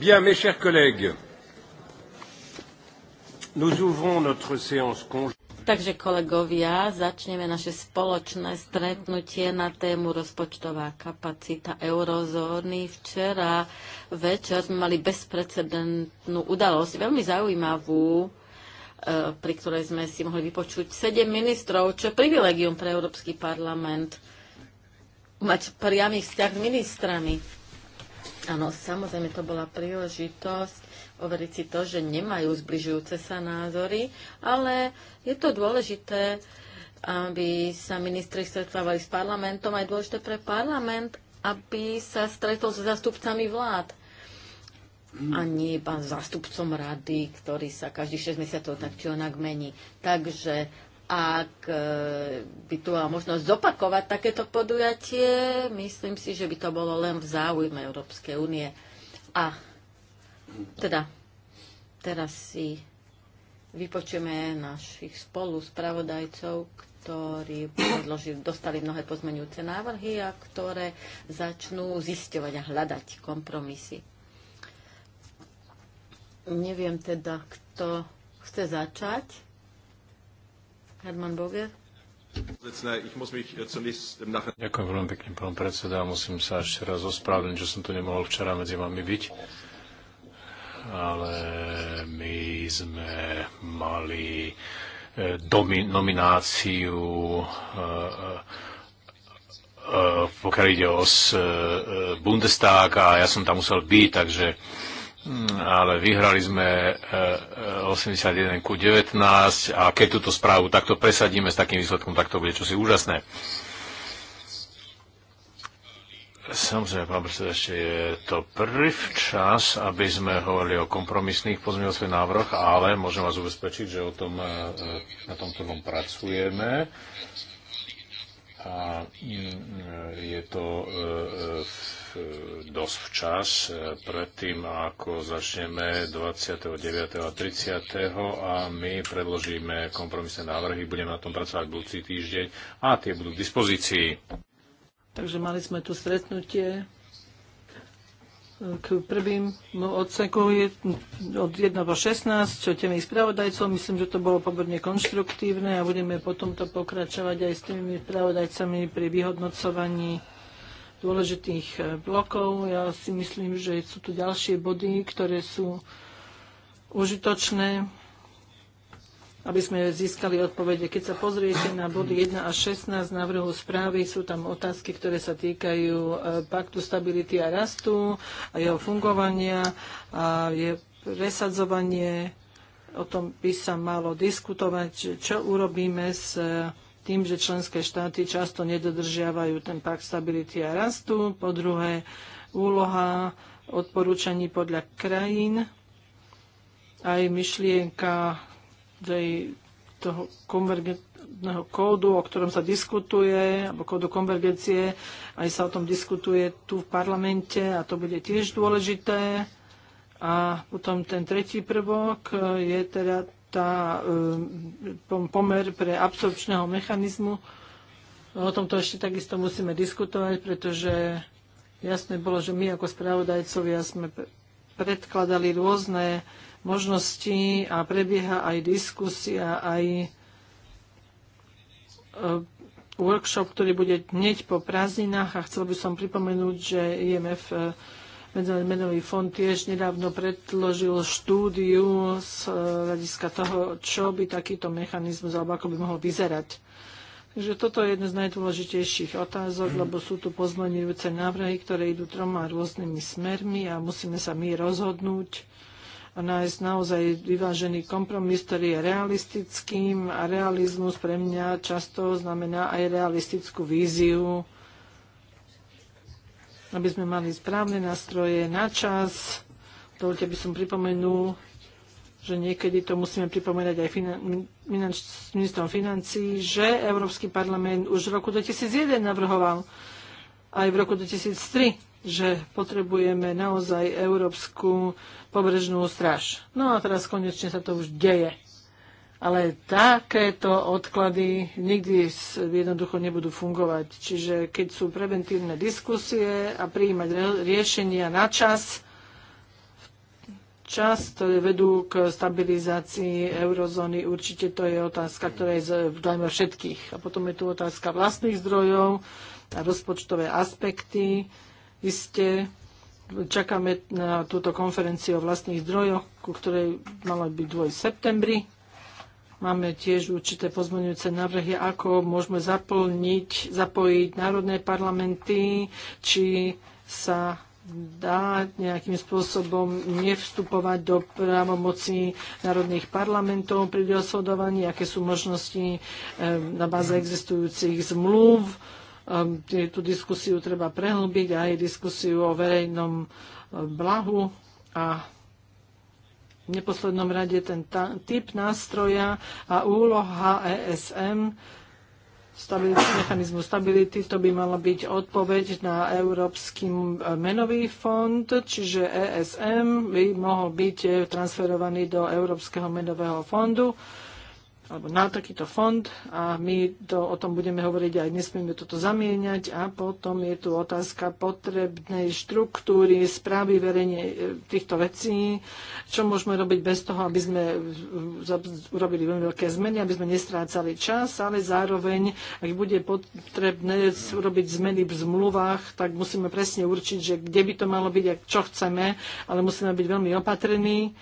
Bien, mes chers collègues, nous ouvrons notre séance conjointe. Takže kolegovia, začneme naše spoločné stretnutie na tému rozpočtová kapacita eurozóny. Včera večer sme mali bezprecedentnú udalosť, veľmi zaujímavú, e, pri ktorej sme si mohli vypočuť sedem ministrov, čo je privilegium pre Európsky parlament mať priamy vzťah s ministrami Áno, samozrejme to bola príležitosť overiť si to, že nemajú zbližujúce sa názory, ale je to dôležité, aby sa ministri stretávali s parlamentom, aj dôležité pre parlament, aby sa stretol s zastupcami vlád a nie iba zástupcom rady, ktorý sa každých 6 mesiacov tak či onak mení. Takže ak e, by tu mala možnosť zopakovať takéto podujatie, myslím si, že by to bolo len v záujme Európskej únie. A teda teraz si vypočujeme našich spolu spravodajcov, ktorí predložili, dostali mnohé pozmeňujúce návrhy a ktoré začnú zisťovať a hľadať kompromisy. Neviem teda, kto chce začať. Herman Ďakujem veľmi pekne, pán predseda. Musím sa ešte raz ospravedlniť, že som tu nemohol včera medzi vami byť. Ale my sme mali e, domi- nomináciu, e, e, pokiaľ ide o Bundestag a ja som tam musel byť, takže ale vyhrali sme 81 eh, eh, ku 19 a keď túto správu takto presadíme s takým výsledkom, tak to bude čosi úžasné. Samozrejme, pán predseda, ešte je to prvý čas, aby sme hovorili o kompromisných pozmeňovacích návrhoch, ale môžem vás ubezpečiť, že o tom, eh, na tom prvom pracujeme a mm, je to E, dosť včas, e, predtým ako začneme 29. a 30. a my predložíme kompromisné návrhy, budeme na tom pracovať budúci týždeň a tie budú k dispozícii. Takže mali sme tu stretnutie e, k prvým no, odseku od 1 po 16, čo tými spravodajcov. Myslím, že to bolo pomerne konštruktívne a budeme potom to pokračovať aj s tými spravodajcami pri vyhodnocovaní dôležitých e, blokov. Ja si myslím, že sú tu ďalšie body, ktoré sú užitočné, aby sme získali odpovede. Keď sa pozriete na body 1 a 16 návrhu správy, sú tam otázky, ktoré sa týkajú e, paktu stability a rastu a jeho fungovania a je presadzovanie. O tom by sa malo diskutovať, čo urobíme s tým, že členské štáty často nedodržiavajú ten pakt stability a rastu. Po druhé, úloha odporúčaní podľa krajín, aj myšlienka tej, toho konvergentného kódu, o ktorom sa diskutuje, alebo kódu konvergencie, aj sa o tom diskutuje tu v parlamente a to bude tiež dôležité. A potom ten tretí prvok je teda tá e, pomer pre absorpčného mechanizmu. No, o tomto ešte takisto musíme diskutovať, pretože jasné bolo, že my ako spravodajcovia sme predkladali rôzne možnosti a prebieha aj diskusia, aj e, workshop, ktorý bude hneď po prázdninách a chcel by som pripomenúť, že IMF e, Medzinárodný fond tiež nedávno predložil štúdiu z e, hľadiska toho, čo by takýto mechanizmus alebo ako by mohol vyzerať. Takže toto je jedna z najdôležitejších otázok, lebo sú tu pozmenujúce návrhy, ktoré idú troma rôznymi smermi a musíme sa my rozhodnúť a nájsť naozaj vyvážený kompromis, ktorý je realistickým a realizmus pre mňa často znamená aj realistickú víziu aby sme mali správne nástroje na čas. Dovolte by som pripomenul, že niekedy to musíme pripomenať aj finan- ministrom financí, že Európsky parlament už v roku 2001 navrhoval aj v roku 2003 že potrebujeme naozaj Európsku pobrežnú straž. No a teraz konečne sa to už deje ale takéto odklady nikdy jednoducho nebudú fungovať. Čiže keď sú preventívne diskusie a prijímať riešenia na čas, čas, ktoré vedú k stabilizácii eurozóny, určite to je otázka, ktorá je v všetkých. A potom je tu otázka vlastných zdrojov a rozpočtové aspekty. Isté, čakáme na túto konferenciu o vlastných zdrojoch, ku ktorej mala byť 2. septembri Máme tiež určité pozmeňujúce návrhy, ako môžeme zaplniť, zapojiť národné parlamenty, či sa dá nejakým spôsobom nevstupovať do právomocí národných parlamentov pri rozhodovaní, aké sú možnosti eh, na báze existujúcich zmluv. Ehm, Tú diskusiu treba prehlbiť aj diskusiu o verejnom eh, blahu a neposlednom rade ten typ nástroja a úloha ESM, stability, mechanizmu stability, to by mala byť odpoveď na Európsky menový fond, čiže ESM by mohol byť transferovaný do Európskeho menového fondu alebo na takýto fond a my to, o tom budeme hovoriť aj nesmieme toto zamieňať a potom je tu otázka potrebnej štruktúry správy verejne e, týchto vecí, čo môžeme robiť bez toho, aby sme urobili veľmi veľké zmeny, aby sme nestrácali čas, ale zároveň, ak bude potrebné urobiť zmeny v zmluvách, tak musíme presne určiť, že kde by to malo byť a čo chceme, ale musíme byť veľmi opatrení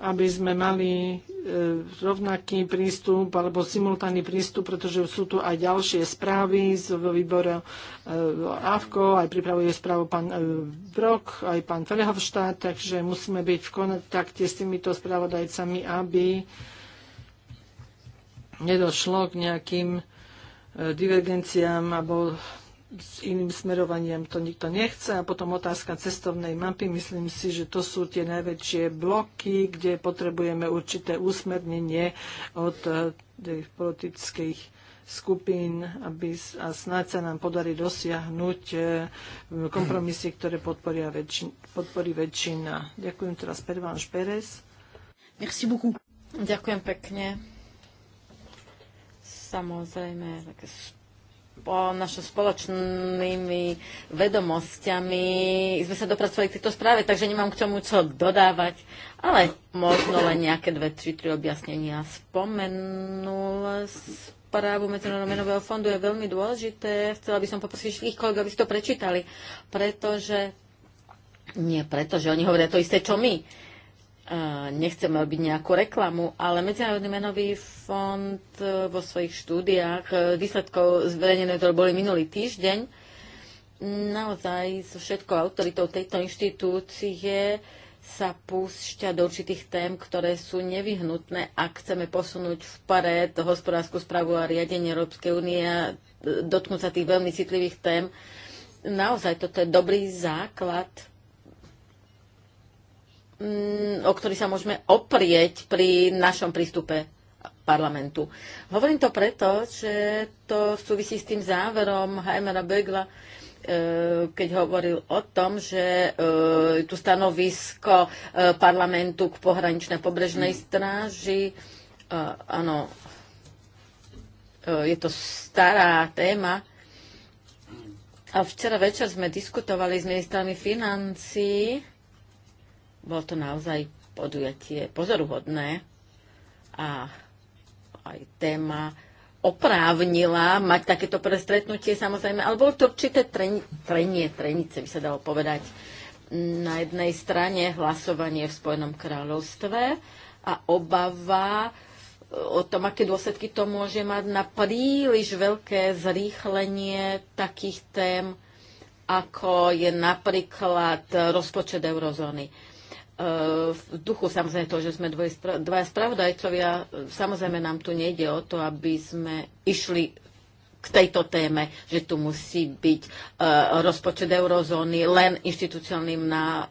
aby sme mali e, rovnaký prístup alebo simultánny prístup, pretože sú tu aj ďalšie správy z výbora e, AVKO, aj pripravuje správu pán e, Brok, aj pán Ferhovštát, takže musíme byť v kontakte s týmito správodajcami, aby nedošlo k nejakým divergenciám alebo s iným smerovaniem to nikto nechce. A potom otázka cestovnej mapy. Myslím si, že to sú tie najväčšie bloky, kde potrebujeme určité úsmernenie od eh, tých politických skupín aby, a snáď sa nám podarí dosiahnuť eh, kompromisy, ktoré podporia väčšin, podporí väčšina. Ďakujem teraz Pervanš Pérez. Merci beaucoup. Ďakujem pekne. Samozrejme, také po našo spoločnými vedomosťami sme sa dopracovali k tejto správe, takže nemám k tomu čo dodávať, ale možno len nejaké dve, tri, tri objasnenia. Spomenul správu Medzinárodného menového fondu je veľmi dôležité. Chcela by som poprosiť všetkých kolegov, aby si to prečítali, pretože nie preto, že oni hovoria to isté, čo my Eh, nechcem robiť nejakú reklamu, ale Medzinárodný menový fond eh, vo svojich štúdiách, eh, výsledkov zverejnené, ktoré boli minulý týždeň, naozaj so všetkou autoritou tejto inštitúcie sa púšťa do určitých tém, ktoré sú nevyhnutné, ak chceme posunúť vpred hospodárskú správu a riadenie Európskej únie a dotknúť sa tých veľmi citlivých tém. Naozaj toto je dobrý základ Mm, o ktorý sa môžeme oprieť pri našom prístupe parlamentu. Hovorím to preto, že to súvisí s tým záverom Heimera Begla, e, keď hovoril o tom, že e, tu stanovisko e, parlamentu k pohraničnej pobrežnej stráži, áno, je to stará téma. A včera večer sme diskutovali s ministrami financí bolo to naozaj podujatie pozoruhodné a aj téma oprávnila mať takéto prestretnutie samozrejme, ale bolo to určité treni, trenie, trenice by sa dalo povedať. Na jednej strane hlasovanie v Spojenom kráľovstve a obava eh, o tom, aké dôsledky to môže mať na príliš veľké zrýchlenie takých tém, ako je napríklad rozpočet eurozóny v duchu samozrejme toho, že sme dvaja spravodajcovia, samozrejme nám tu nejde o to, aby sme išli k tejto téme, že tu musí byť e, rozpočet eurozóny len inštitúciálnym na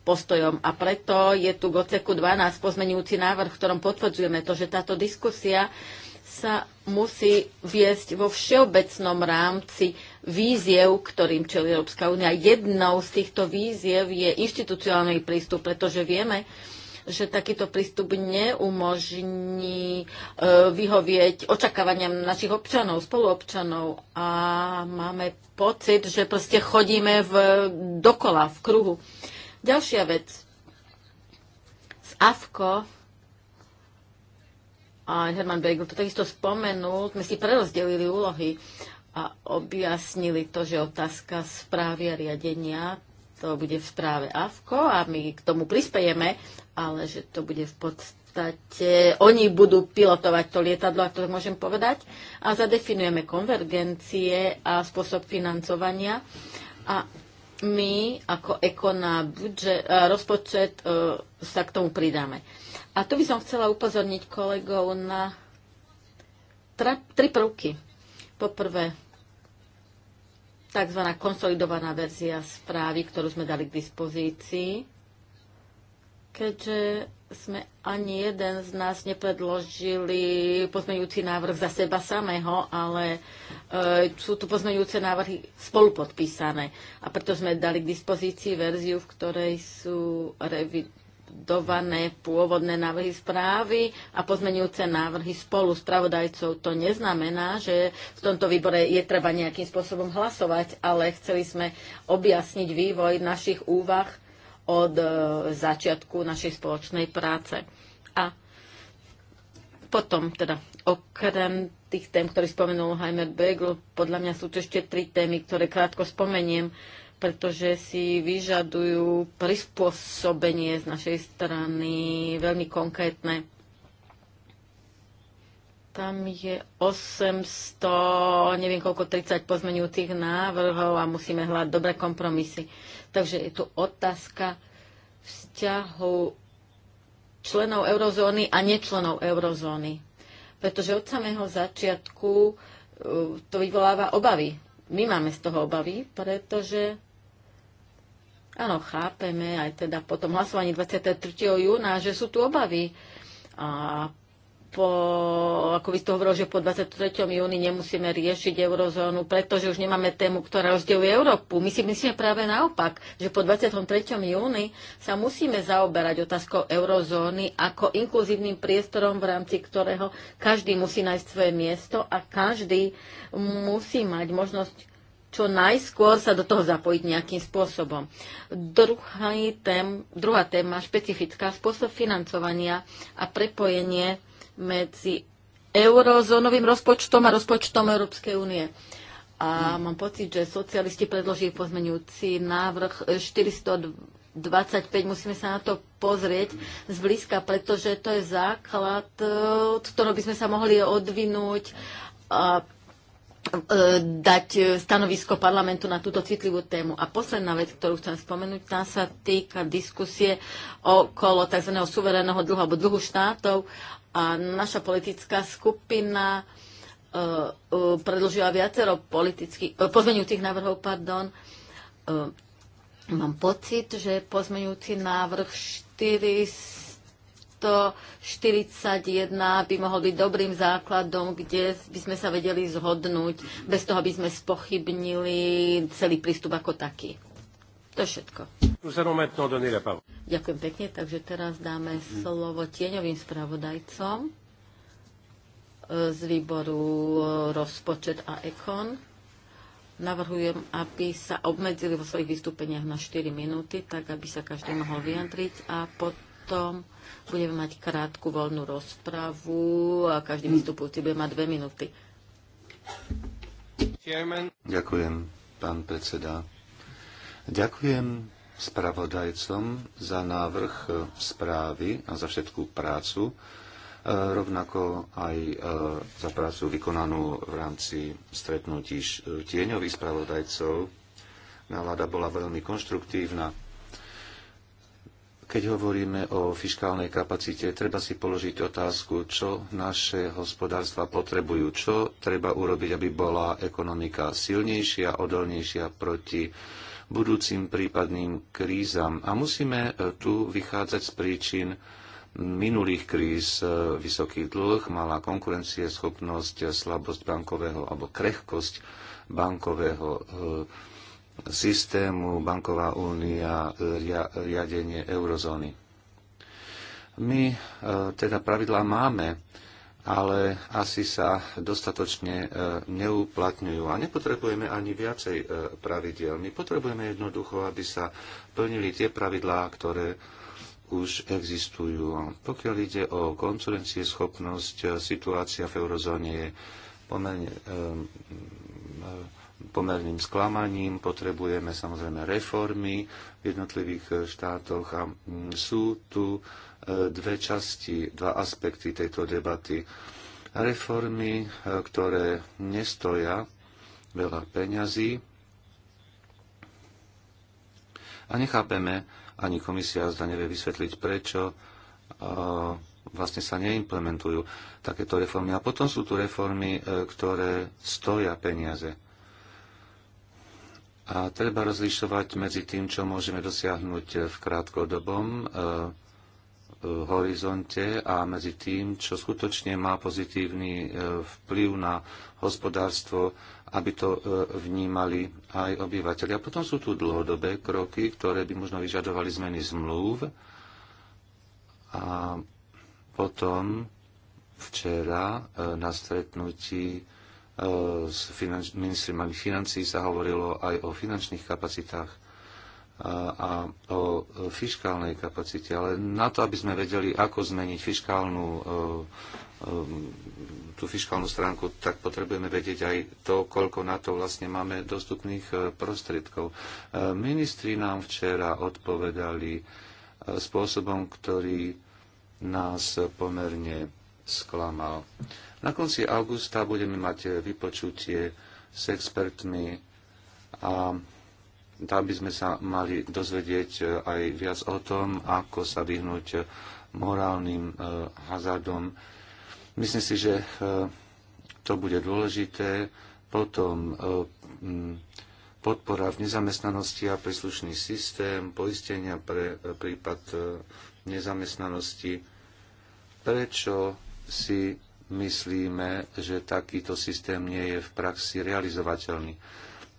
postojom. A preto je tu GOCEKu 12 pozmenujúci návrh, v ktorom potvrdzujeme to, že táto diskusia sa musí viesť vo všeobecnom rámci víziev, ktorým čelí Európska únia. Jednou z týchto víziev je inštitucionálny prístup, pretože vieme, že takýto prístup neumožní e, vyhovieť očakávaniam našich občanov, spoluobčanov a máme pocit, že proste chodíme v, dokola, v kruhu. Ďalšia vec. Z AFKO a Herman Bergl to takisto spomenul, sme si prerozdelili úlohy a objasnili to, že otázka správy a riadenia to bude v správe AFKO a my k tomu prispejeme, ale že to bude v podstate, oni budú pilotovať to lietadlo, ak to môžem povedať, a zadefinujeme konvergencie a spôsob financovania a my ako ekona budžet, rozpočet e, sa k tomu pridáme. A tu by som chcela upozorniť kolegov na tri prvky Poprvé, tzv. konsolidovaná verzia správy, ktorú sme dali k dispozícii, keďže sme ani jeden z nás nepredložili pozmeňujúci návrh za seba samého, ale e, sú tu pozmeňujúce návrhy spolupodpísané. A preto sme dali k dispozícii verziu, v ktorej sú revi- revidované pôvodné návrhy správy a pozmenujúce návrhy spolu spravodajcov. To neznamená, že v tomto výbore je treba nejakým spôsobom hlasovať, ale chceli sme objasniť vývoj našich úvah od e, začiatku našej spoločnej práce. A potom teda okrem tých tém, ktorý spomenul Heimer Begl, podľa mňa sú to ešte tri témy, ktoré krátko spomeniem. Uh, pretože si vyžadujú prispôsobenie z našej strany veľmi konkrétne. Tam je 800, neviem koľko, 30 pozmenujúcich návrhov a musíme hľadať dobré kompromisy. Takže je tu otázka vzťahu členov eurozóny a nečlenov eurozóny. Pretože od samého začiatku uh, to vyvoláva obavy. My máme z toho obavy, pretože Áno, chápeme aj teda po tom hlasovaní 23. júna, že sú tu obavy. A po, ako by ste hovoril, že po 23. júni nemusíme riešiť eurozónu, pretože už nemáme tému, ktorá rozdeluje Európu. My si myslíme práve naopak, že po 23. júni sa musíme zaoberať otázkou eurozóny ako inkluzívnym priestorom, v rámci ktorého každý musí nájsť svoje miesto a každý musí mať možnosť čo najskôr sa do toho zapojiť nejakým spôsobom. Druhá, tém, druhá téma, špecifická, spôsob financovania a prepojenie medzi eurozónovým rozpočtom a rozpočtom Európskej únie. A mám pocit, že socialisti predložili pozmenujúci návrh 425, musíme sa na to pozrieť zblízka, pretože to je základ, eh, od ktorého by sme sa mohli odvinúť a E, dať e, stanovisko parlamentu na túto citlivú tému. A posledná vec, ktorú chcem spomenúť, tá sa týka diskusie okolo tzv. suverénneho dlhu alebo dlhu štátov. A naša politická skupina e, predložila viacero politických, pozmeňujúcich návrhov, pardon. Mám pocit, že pozmeňujúci návrh 4 141 by mohol byť dobrým základom, kde by sme sa vedeli zhodnúť, bez toho, aby sme spochybnili celý prístup ako taký. To je všetko. Ďakujem pekne, takže teraz dáme mhm. slovo tieňovým spravodajcom e, z výboru e, rozpočet a ekon. Navrhujem, aby sa obmedzili vo svojich vystúpeniach na 4 minúty, tak aby sa každý mohol vyjadriť a potom potom budeme mať krátku voľnú rozpravu a každý vystupujúci bude mať dve minúty. Ďakujem, pán predseda. Ďakujem spravodajcom za návrh e, správy a za všetkú prácu, e, rovnako aj e, za prácu vykonanú v rámci stretnutí tieňových spravodajcov. Nálada bola veľmi konštruktívna keď hovoríme o fiskálnej kapacite, treba si položiť otázku, čo naše hospodárstva potrebujú, čo treba urobiť, aby bola ekonomika silnejšia, odolnejšia proti budúcim prípadným krízam. A musíme e, tu vychádzať z príčin minulých kríz, e, vysoký dlh, malá konkurencieschopnosť, e, slabosť bankového alebo krehkosť bankového systému Banková únia, riadenie eurozóny. My e, teda pravidlá máme, ale asi sa dostatočne e, neuplatňujú. A nepotrebujeme ani viacej e, pravidiel. My potrebujeme jednoducho, aby sa plnili tie pravidlá, ktoré už existujú. Pokiaľ ide o konkurencieschopnosť, situácia v eurozóne je pomerne pomerným sklamaním, potrebujeme samozrejme reformy v jednotlivých e, štátoch a mm, sú tu e, dve časti, dva aspekty tejto debaty. Reformy, e, ktoré nestoja veľa peňazí a nechápeme, ani komisia zda nevie vysvetliť, prečo vlastne sa neimplementujú takéto reformy. A potom sú tu reformy, ktoré stoja peniaze a treba rozlišovať medzi tým, čo môžeme dosiahnuť v krátkodobom e, e horizonte a medzi tým, čo skutočne má pozitívny e, vplyv na hospodárstvo, aby to e, vnímali aj obyvateľi. A potom sú tu dlhodobé kroky, ktoré by možno vyžadovali zmeny zmluv. A potom včera na stretnutí E, s finanč, ministrimi financí sa hovorilo aj o finančných kapacitách e, a o fiskálnej kapacite, ale na to, aby sme vedeli, ako zmeniť fiskálnu, e, tú fiskálnu stránku, tak potrebujeme vedieť aj to, koľko na to vlastne máme dostupných prostriedkov. Ministri nám včera odpovedali spôsobom, ktorý nás pomerne sklamal. Na konci augusta budeme mať eh, vypočutie s expertmi a tam by sme sa mali dozvedieť eh, aj viac o tom, ako sa vyhnúť eh, morálnym hazardom. Myslím si, že to bude dôležité. Potom podpora v nezamestnanosti a príslušný systém poistenia pre prípad nezamestnanosti. Prečo si myslíme, že takýto systém nie je v praxi realizovateľný.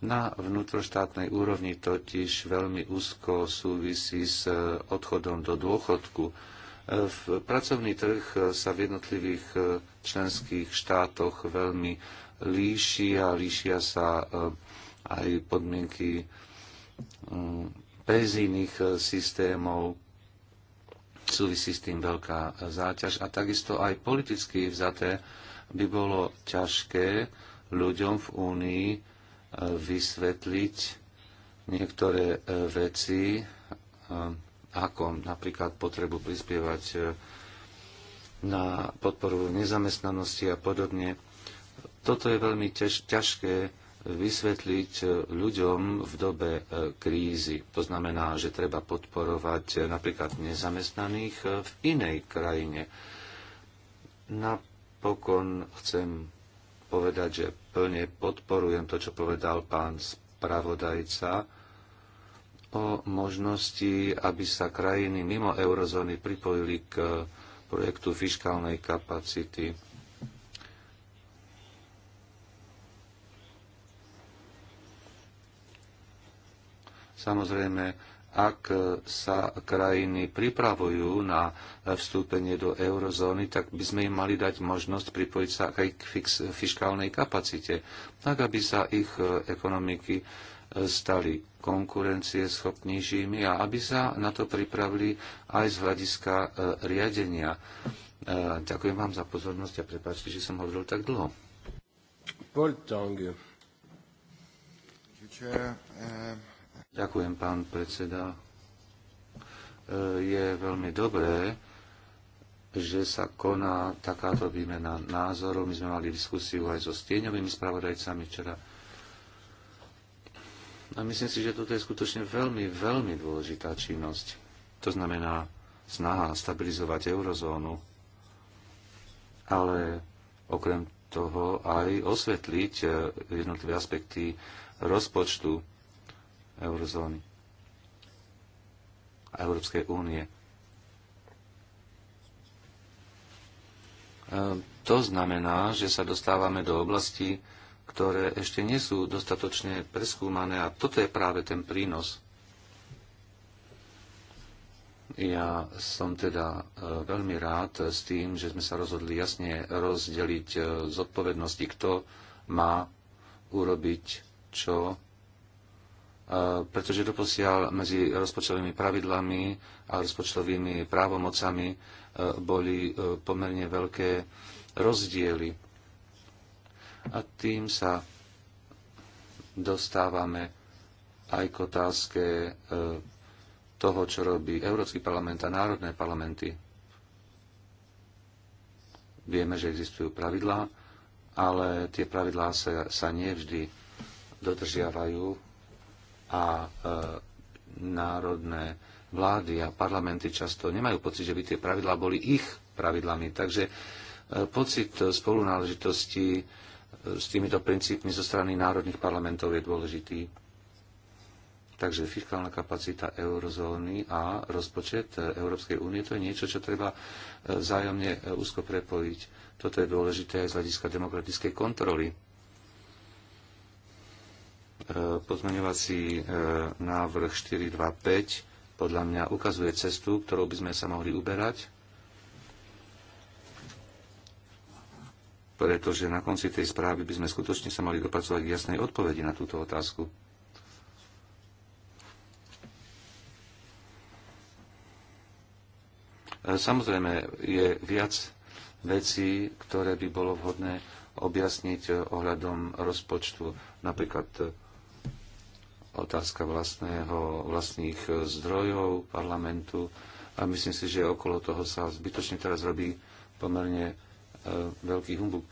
Na vnútroštátnej úrovni totiž veľmi úzko súvisí s e, odchodom do dôchodku. E, v pracovný trh sa v jednotlivých e, členských štátoch veľmi líši a líšia sa aj podmienky mm, penzijných systémov súvisí s tým veľká záťaž a takisto aj politicky vzaté by bolo ťažké ľuďom v Únii e, vysvetliť niektoré e, veci, e, ako napríklad potrebu prispievať na podporu nezamestnanosti a podobne. Toto je veľmi ťažké vysvetliť e, ľuďom v dobe e, krízy. To znamená, že treba podporovať e, napríklad nezamestnaných v inej krajine. Napokon chcem povedať, že plne podporujem to, čo povedal pán spravodajca o možnosti, aby sa krajiny mimo eurozóny pripojili k projektu fiskálnej kapacity Samozrejme, ak sa krajiny pripravujú na vstúpenie do eurozóny, tak by sme im mali dať možnosť pripojiť sa aj k fiskálnej kapacite, tak aby sa ich ekonomiky stali konkurencie schopnejšími a aby sa na to pripravili aj z hľadiska e, riadenia. E, ďakujem vám za pozornosť a prepáčte, že som hovoril tak dlho. Paul Tang. Ďakujem, pán predseda. E, je veľmi dobré, že sa koná takáto výmena názorov. My sme mali diskusiu aj so stieňovými spravodajcami včera. A myslím si, že toto je skutočne veľmi, veľmi dôležitá činnosť. To znamená snaha stabilizovať eurozónu, ale okrem toho aj osvetliť e, jednotlivé aspekty rozpočtu eurozóny a Európskej únie. E, to znamená, že sa dostávame do oblasti, ktoré ešte nie sú dostatočne preskúmané a toto je práve ten prínos. Ja som teda e, veľmi rád s tým, že sme sa rozhodli jasne rozdeliť e, zodpovednosti, kto má urobiť čo pretože doposiaľ medzi rozpočtovými pravidlami a rozpočtovými právomocami e, boli e, pomerne veľké rozdiely. A tým sa dostávame aj k otázke e, toho, čo robí Európsky parlament a národné parlamenty. Vieme, že existujú pravidlá, ale tie pravidlá sa, sa nevždy dodržiavajú a e, národné vlády a parlamenty často nemajú pocit, že by tie pravidlá boli ich pravidlami. Takže e, pocit spolunáležitosti e, s týmito princípmi zo strany národných parlamentov je dôležitý. Takže fiskálna kapacita eurozóny a rozpočet Európskej únie to je niečo, čo treba vzájomne úzko prepojiť. Toto je dôležité aj z hľadiska demokratickej kontroly E, pozmeňovací e, návrh 425 podľa mňa ukazuje cestu, ktorou by sme sa mohli uberať, pretože na konci tej správy by sme skutočne sa mali dopracovať k jasnej odpovedi na túto otázku. E, samozrejme, je viac vecí, ktoré by bolo vhodné objasniť ohľadom rozpočtu. Napríklad otázka vlastného, vlastných zdrojov parlamentu a myslím si, že okolo toho sa zbytočne teraz robí pomerne e, veľký humbuk.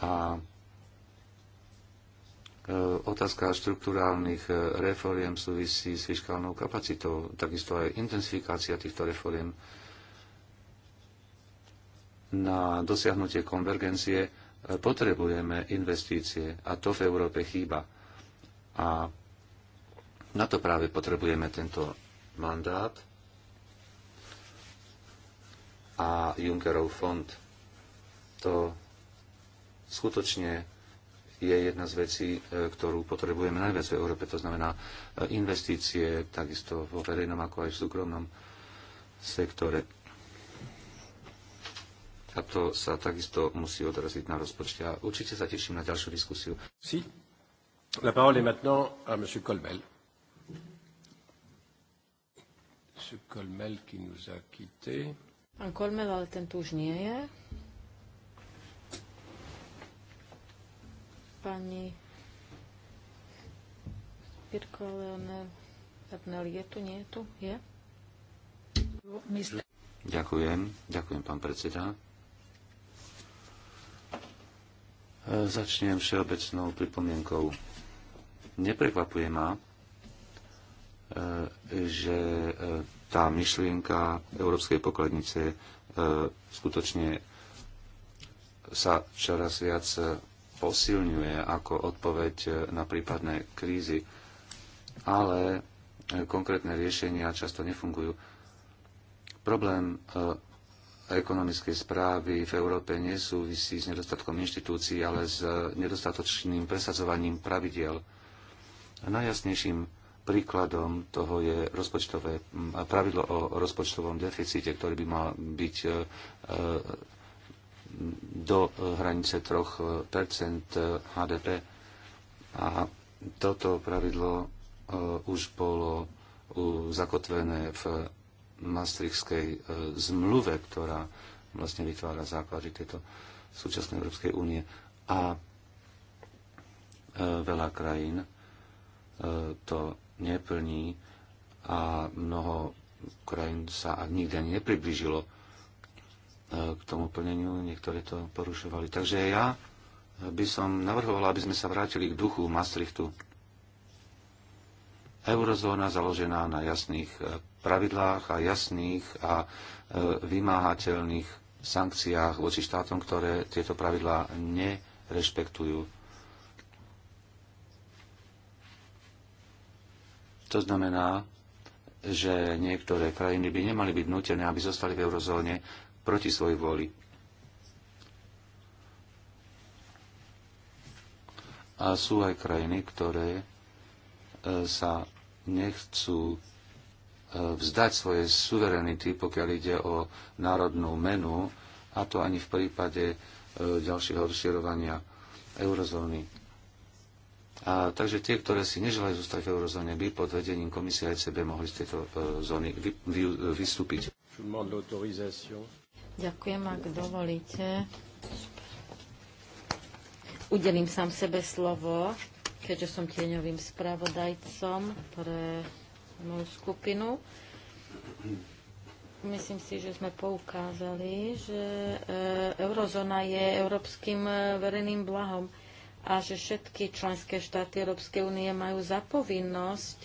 A e, otázka štruktúrálnych e, reforiem súvisí s fiskálnou kapacitou, takisto aj intensifikácia týchto reforiem na dosiahnutie konvergencie potrebujeme investície a to v Európe chýba. A na to práve potrebujeme tento mandát a Junckerov fond. To skutočne je jedna z vecí, e, ktorú potrebujeme najviac v Európe, to znamená e, investície takisto vo verejnom ako aj v súkromnom sektore a to sa takisto musí odraziť na rozpočte. A určite sa teším na ďalšiu diskusiu. Si. La parole est maintenant à M. Colmel. M. Colmel qui nous a quittés. Pán Colmel, ale ten už nie je. Pani Pirko Leonel je tu, nie je tu? Je? Ďakujem, ďakujem pán predseda. Začnem všeobecnou pripomienkou. Neprekvapuje ma, e, že e, tá myšlienka Európskej pokladnice e, skutočne sa čoraz viac posilňuje ako odpoveď na prípadné krízy. Ale konkrétne riešenia často nefungujú. Problém ekonomickej správy v Európe nesúvisí s nedostatkom inštitúcií, ale s nedostatočným presadzovaním pravidiel. Najjasnejším príkladom toho je rozpočtové pravidlo o rozpočtovom deficite, ktorý by mal byť e, e, do hranice 3 e, HDP. A toto pravidlo už bolo zakotvené v Maastrichtskej e, zmluve, ktorá vlastne vytvára základy tejto súčasnej Európskej únie. A e, veľa krajín e, to neplní a mnoho krajín sa nikdy ani nepribližilo k tomu plneniu, niektoré to porušovali. Takže ja by som navrhoval, aby sme sa vrátili k duchu Maastrichtu Eurozóna založená na jasných e, pravidlách a jasných a e, vymáhateľných sankciách voči štátom, ktoré tieto pravidlá nerešpektujú. To znamená, že niektoré krajiny by nemali byť nutené, aby zostali v eurozóne proti svojej vôli. A sú aj krajiny, ktoré e, sa nechcú e, vzdať svoje suverenity, pokiaľ ide o národnú menu, a to ani v prípade e, ďalšieho rozširovania eurozóny. A, takže tie, ktoré si neželajú zostať v eurozóne, by pod vedením komisie ECB mohli z tejto e, zóny vy, vy, vystúpiť. Ďakujem, ak dovolíte. Udelím sám sebe slovo keďže som tieňovým spravodajcom pre moju skupinu. Myslím si, že sme poukázali, že e, eurozóna je európskym e, verejným blahom a že všetky členské štáty Európskej únie majú zapovinnosť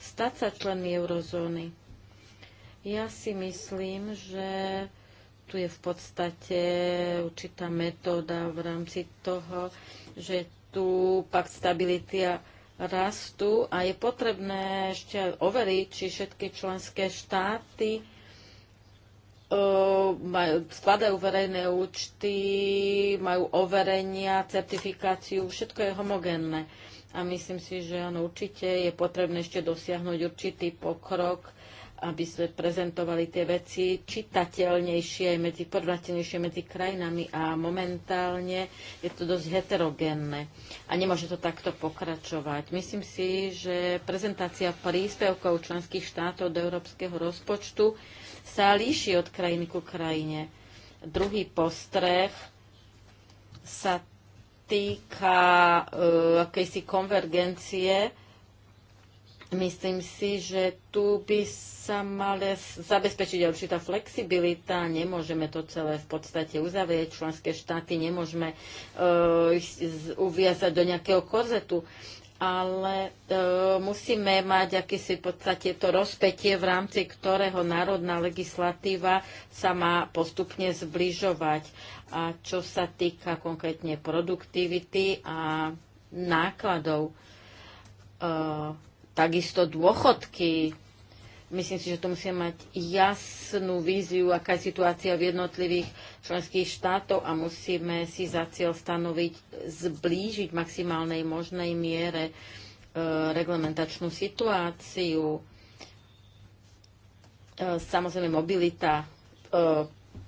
stať sa členmi eurozóny. Ja si myslím, že tu je v podstate určitá metóda v rámci toho, že rastu, pakt stability a rastu a je potrebné ešte overiť, či všetky členské štáty e, skladajú verejné účty, majú overenia, certifikáciu, všetko je homogénne. A myslím si, že áno, určite je potrebné ešte dosiahnuť určitý pokrok aby sme prezentovali tie veci čitateľnejšie, medzi, podvateľnejšie medzi krajinami a momentálne je to dosť heterogénne a nemôže to takto pokračovať. Myslím si, že prezentácia príspevkov členských štátov do európskeho rozpočtu sa líši od krajiny ku krajine. Druhý postreh sa týka uh, akejsi konvergencie Myslím si, že tu by sa mala zabezpečiť určitá flexibilita. Nemôžeme to celé v podstate uzavrieť. Členské štáty nemôžeme uh, uviazať do nejakého kozetu ale uh, musíme mať akýsi v podstate to rozpetie, v rámci ktorého národná legislatíva sa má postupne zbližovať. A čo sa týka konkrétne produktivity a nákladov, uh, takisto dôchodky. Myslím si, že to musíme mať jasnú víziu, aká je situácia v jednotlivých členských štátoch a musíme si za cieľ stanoviť, zblížiť maximálnej možnej miere e, reglementačnú situáciu. E, samozrejme mobilita e,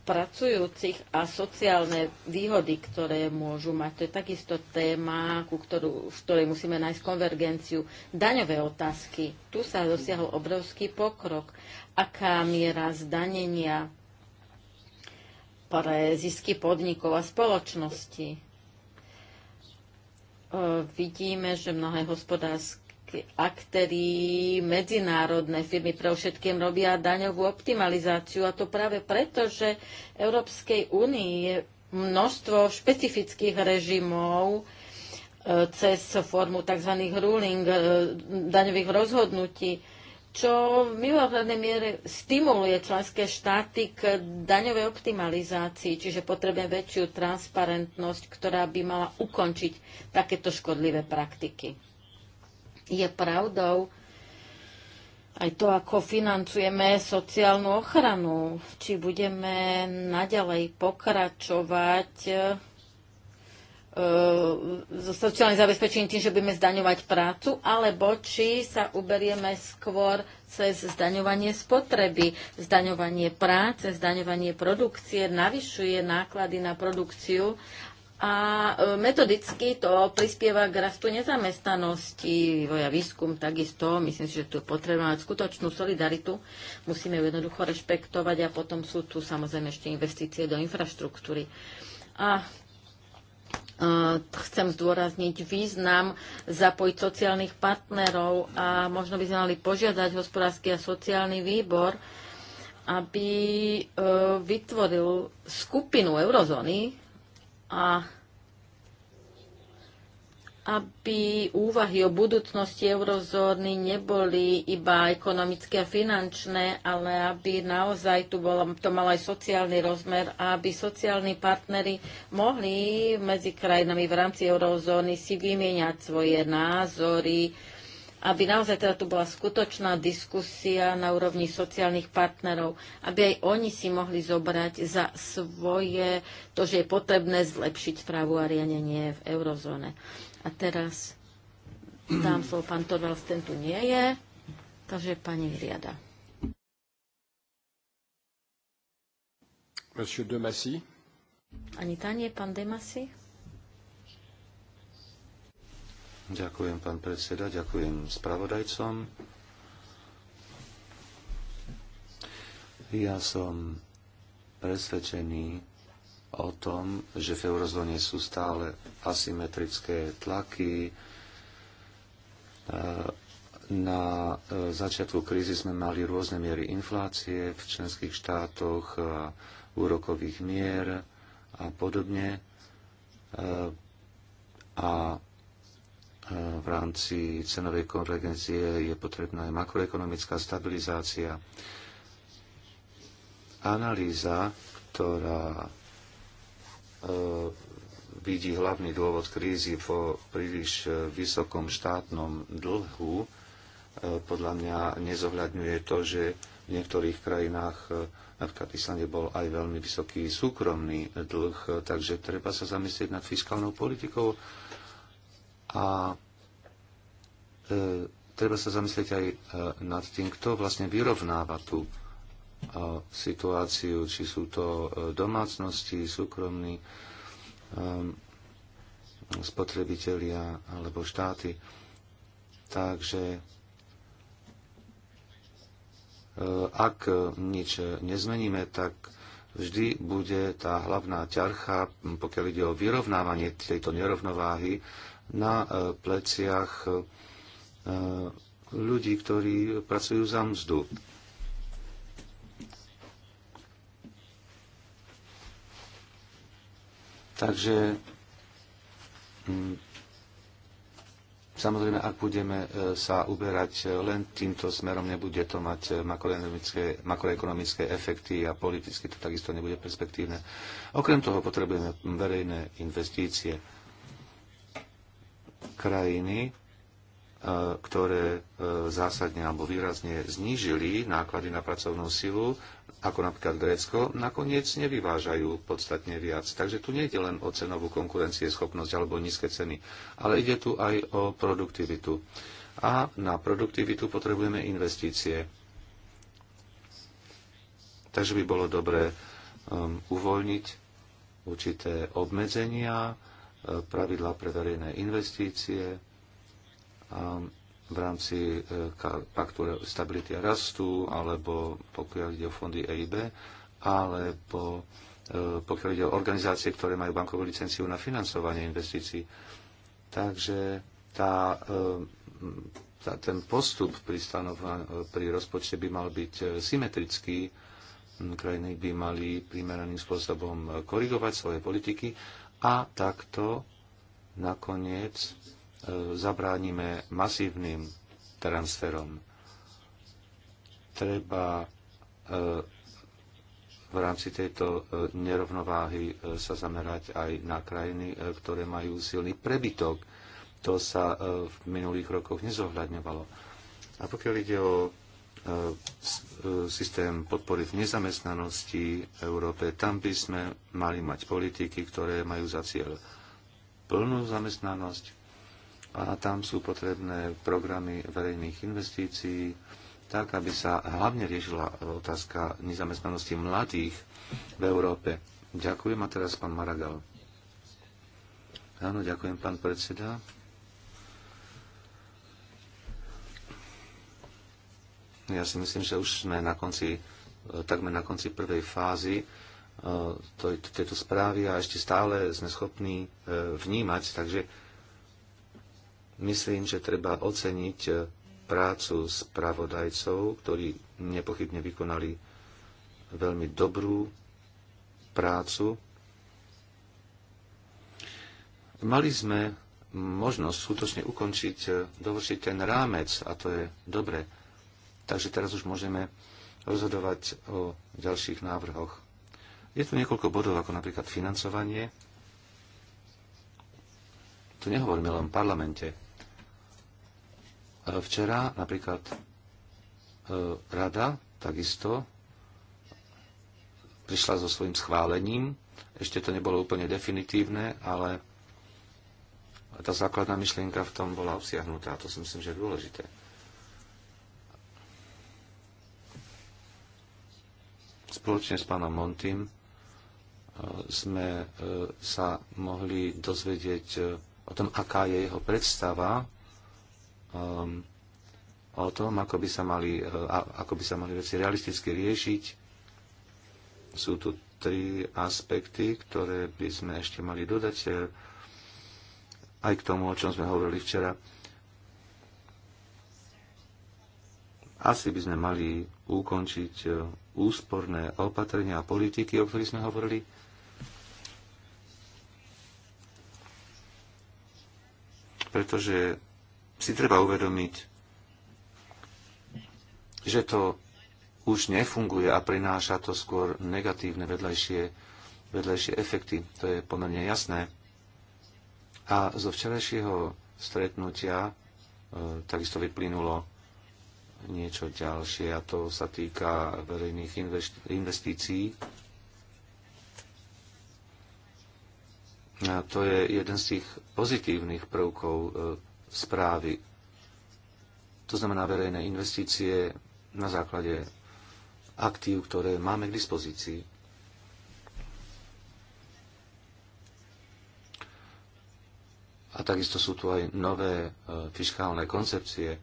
pracujúcich a sociálne výhody, ktoré môžu mať. To je takisto téma, ku ktorú, v ktorej musíme nájsť konvergenciu. Daňové otázky. Tu sa dosiahol obrovský pokrok. Aká miera zdanenia pre zisky podnikov a spoločnosti? E, vidíme, že mnohé hospodárske aktéry, medzinárodné firmy pre všetkým robia daňovú optimalizáciu a to práve preto, že Európskej únii je množstvo špecifických režimov e, cez formu tzv. ruling, e, daňových rozhodnutí, čo v mimoriadnej miere stimuluje členské štáty k daňovej optimalizácii, čiže potrebujeme väčšiu transparentnosť, ktorá by mala ukončiť takéto škodlivé praktiky. Je pravdou aj to, ako financujeme sociálnu ochranu, či budeme naďalej pokračovať e, so sociálnym zabezpečením tým, že budeme zdaňovať prácu, alebo či sa uberieme skôr cez zdaňovanie spotreby. Zdaňovanie práce, zdaňovanie produkcie navyšuje náklady na produkciu a e, metodicky to prispieva k rastu nezamestnanosti, vývoja výskum takisto. Myslím si, že tu potrebujeme mať skutočnú solidaritu. Musíme ju jednoducho rešpektovať a potom sú tu samozrejme ešte investície do infraštruktúry. A e, chcem zdôrazniť význam zapojiť sociálnych partnerov a možno by sme mali požiadať hospodársky a sociálny výbor, aby e, vytvoril skupinu eurozóny, a aby úvahy o budúcnosti eurozóny neboli iba ekonomické a finančné, ale aby naozaj tu bolo, to mal aj sociálny rozmer a aby sociálni partnery mohli medzi krajinami v rámci eurozóny si vymieňať svoje názory, aby naozaj teda tu bola skutočná diskusia na úrovni sociálnych partnerov, aby aj oni si mohli zobrať za svoje to, že je potrebné zlepšiť správu a riadenie v eurozóne. A teraz dám slovo pán Torvalds, ten tu nie je, takže pani Riada. Monsieur Ani tá nie, pán Demasi. Ďakujem, pán predseda, ďakujem spravodajcom. Ja som presvedčený o tom, že v eurozóne sú stále asymetrické tlaky. E, na e, začiatku krízy sme mali rôzne miery inflácie v členských štátoch, úrokových mier a podobne. E, a v rámci cenovej konvergencie je potrebná aj makroekonomická stabilizácia. Analýza, ktorá e, vidí hlavný dôvod krízy po príliš vysokom štátnom dlhu, e, podľa mňa nezohľadňuje to, že v niektorých krajinách, e, napríklad Islande, bol aj veľmi vysoký súkromný dlh, takže treba sa zamyslieť nad fiskálnou politikou a e, treba sa zamyslieť aj e, nad tým, kto vlastne vyrovnáva tú e, situáciu, či sú to e, domácnosti, súkromní spotrebitelia alebo štáty. Takže ak nič nezmeníme, tak vždy bude tá hlavná ťarcha, pokiaľ ide o vyrovnávanie tejto nerovnováhy, na e, pleciach e, e, ľudí, ktorí pracujú za mzdu. Takže mm, Samozrejme, ak budeme sa uberať len týmto smerom, nebude to mať makroekonomické, makroekonomické efekty a politicky to takisto nebude perspektívne. Okrem toho potrebujeme verejné investície krajiny, e, ktoré e, zásadne alebo výrazne znížili náklady na pracovnú silu, ako napríklad Grécko, nakoniec nevyvážajú podstatne viac. Takže tu nejde len o cenovú konkurencieschopnosť alebo nízke ceny, ale ide tu aj o produktivitu. A na produktivitu potrebujeme investície. Takže by bolo dobré um, uvoľniť určité obmedzenia, pravidla pre verejné investície v rámci e, paktu stability a rastu, alebo pokiaľ ide o fondy EIB, alebo e, pokiaľ ide o organizácie, ktoré majú bankovú licenciu na financovanie investícií. Takže tá, e, tá, ten postup pri, pri rozpočte by mal byť symetrický, krajiny by mali primeraným spôsobom korigovať svoje politiky a takto nakoniec e, zabránime masívnym transferom. Treba e, v rámci tejto e, nerovnováhy sa zamerať aj na krajiny, ktoré majú silný prebytok. To sa v minulých rokoch nezohľadňovalo. A pokiaľ ide o E, systém podpory v nezamestnanosti v Európe. Tam by sme mali mať politiky, ktoré majú za cieľ plnú zamestnanosť a tam sú potrebné programy verejných investícií, tak aby sa hlavne riešila otázka nezamestnanosti mladých v Európe. Ďakujem a teraz pán Maragal. Áno, ďakujem pán predseda. Ja si myslím, že už sme na konci, e, takmer na konci prvej fázy e, tejto správy a ešte stále sme schopní e, vnímať, takže myslím, že treba oceniť prácu spravodajcov, ktorí nepochybne vykonali veľmi dobrú prácu. Mali sme možnosť skutočne ukončiť, dovršiť ten rámec a to je dobre. Takže teraz už môžeme rozhodovať o ďalších návrhoch. Je tu niekoľko bodov, ako napríklad financovanie. Tu nehovoríme len o parlamente. E, včera napríklad e, rada takisto prišla so svojím schválením. Ešte to nebolo úplne definitívne, ale tá základná myšlienka v tom bola obsiahnutá. To si myslím, že je dôležité. spoločne s pánom Montym e, sme e, sa mohli dozvedieť e, o tom, aká je jeho predstava ehm, o tom, ako by sa mali, ako by sa mali veci realisticky riešiť. Sú tu tri aspekty, ktoré by sme ešte mali dodať aj k tomu, o čom sme hovorili včera Asi by sme mali ukončiť e, úsporné opatrenia a politiky, o ktorých sme hovorili. Pretože si treba uvedomiť, že to už nefunguje a prináša to skôr negatívne vedľajšie, vedľajšie efekty. To je pomerne jasné. A zo včerajšieho stretnutia e, takisto vyplynulo, niečo ďalšie a to sa týka verejných investícií. A to je jeden z tých pozitívnych prvkov e, správy. To znamená verejné investície na základe aktív, ktoré máme k dispozícii. A takisto sú tu aj nové e, fiskálne koncepcie,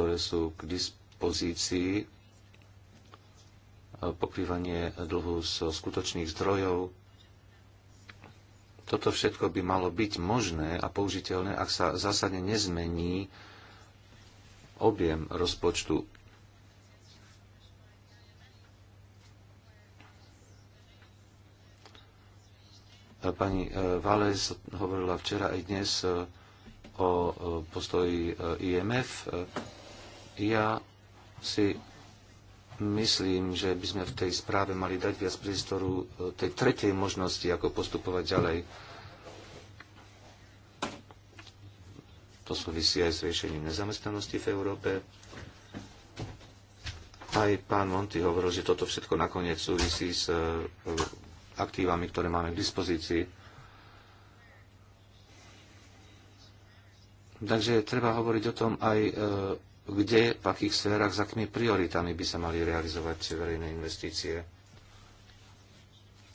ktoré sú k dispozícii, pokrývanie dlhu z skutočných zdrojov. Toto všetko by malo byť možné a použiteľné, ak sa zásadne nezmení objem rozpočtu Pani e, Vales hovorila včera aj dnes e, o e, postoji IMF. Ja si myslím, že by sme v tej správe mali dať viac priestoru e, tej tretej možnosti, ako postupovať ďalej. To súvisí aj s riešením nezamestnanosti v Európe. Aj pán Monty hovoril, že toto všetko nakoniec súvisí s e, aktívami, ktoré máme k dispozícii. Takže treba hovoriť o tom aj e, kde, v akých sférach, s akými prioritami by sa mali realizovať verejné investície.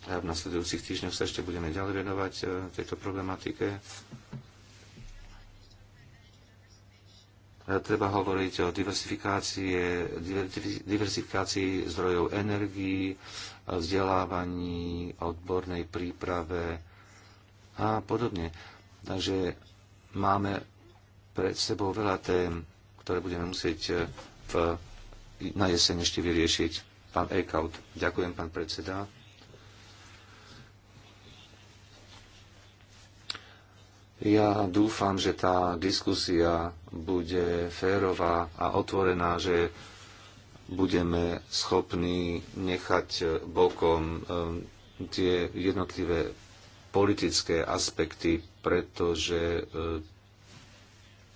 A v nasledujúcich týždňoch sa ešte budeme ďalej venovať e, tejto problematike. E, treba hovoriť o diversifikácii zdrojov energií, vzdelávaní, odbornej príprave a podobne. Takže máme pred sebou veľa tém ktoré budeme musieť e, v, na jeseň ešte vyriešiť. Pán Ekaut, ďakujem, pán predseda. Ja dúfam, že tá diskusia bude férová a otvorená, že budeme schopní nechať bokom e, tie jednotlivé politické aspekty, pretože e,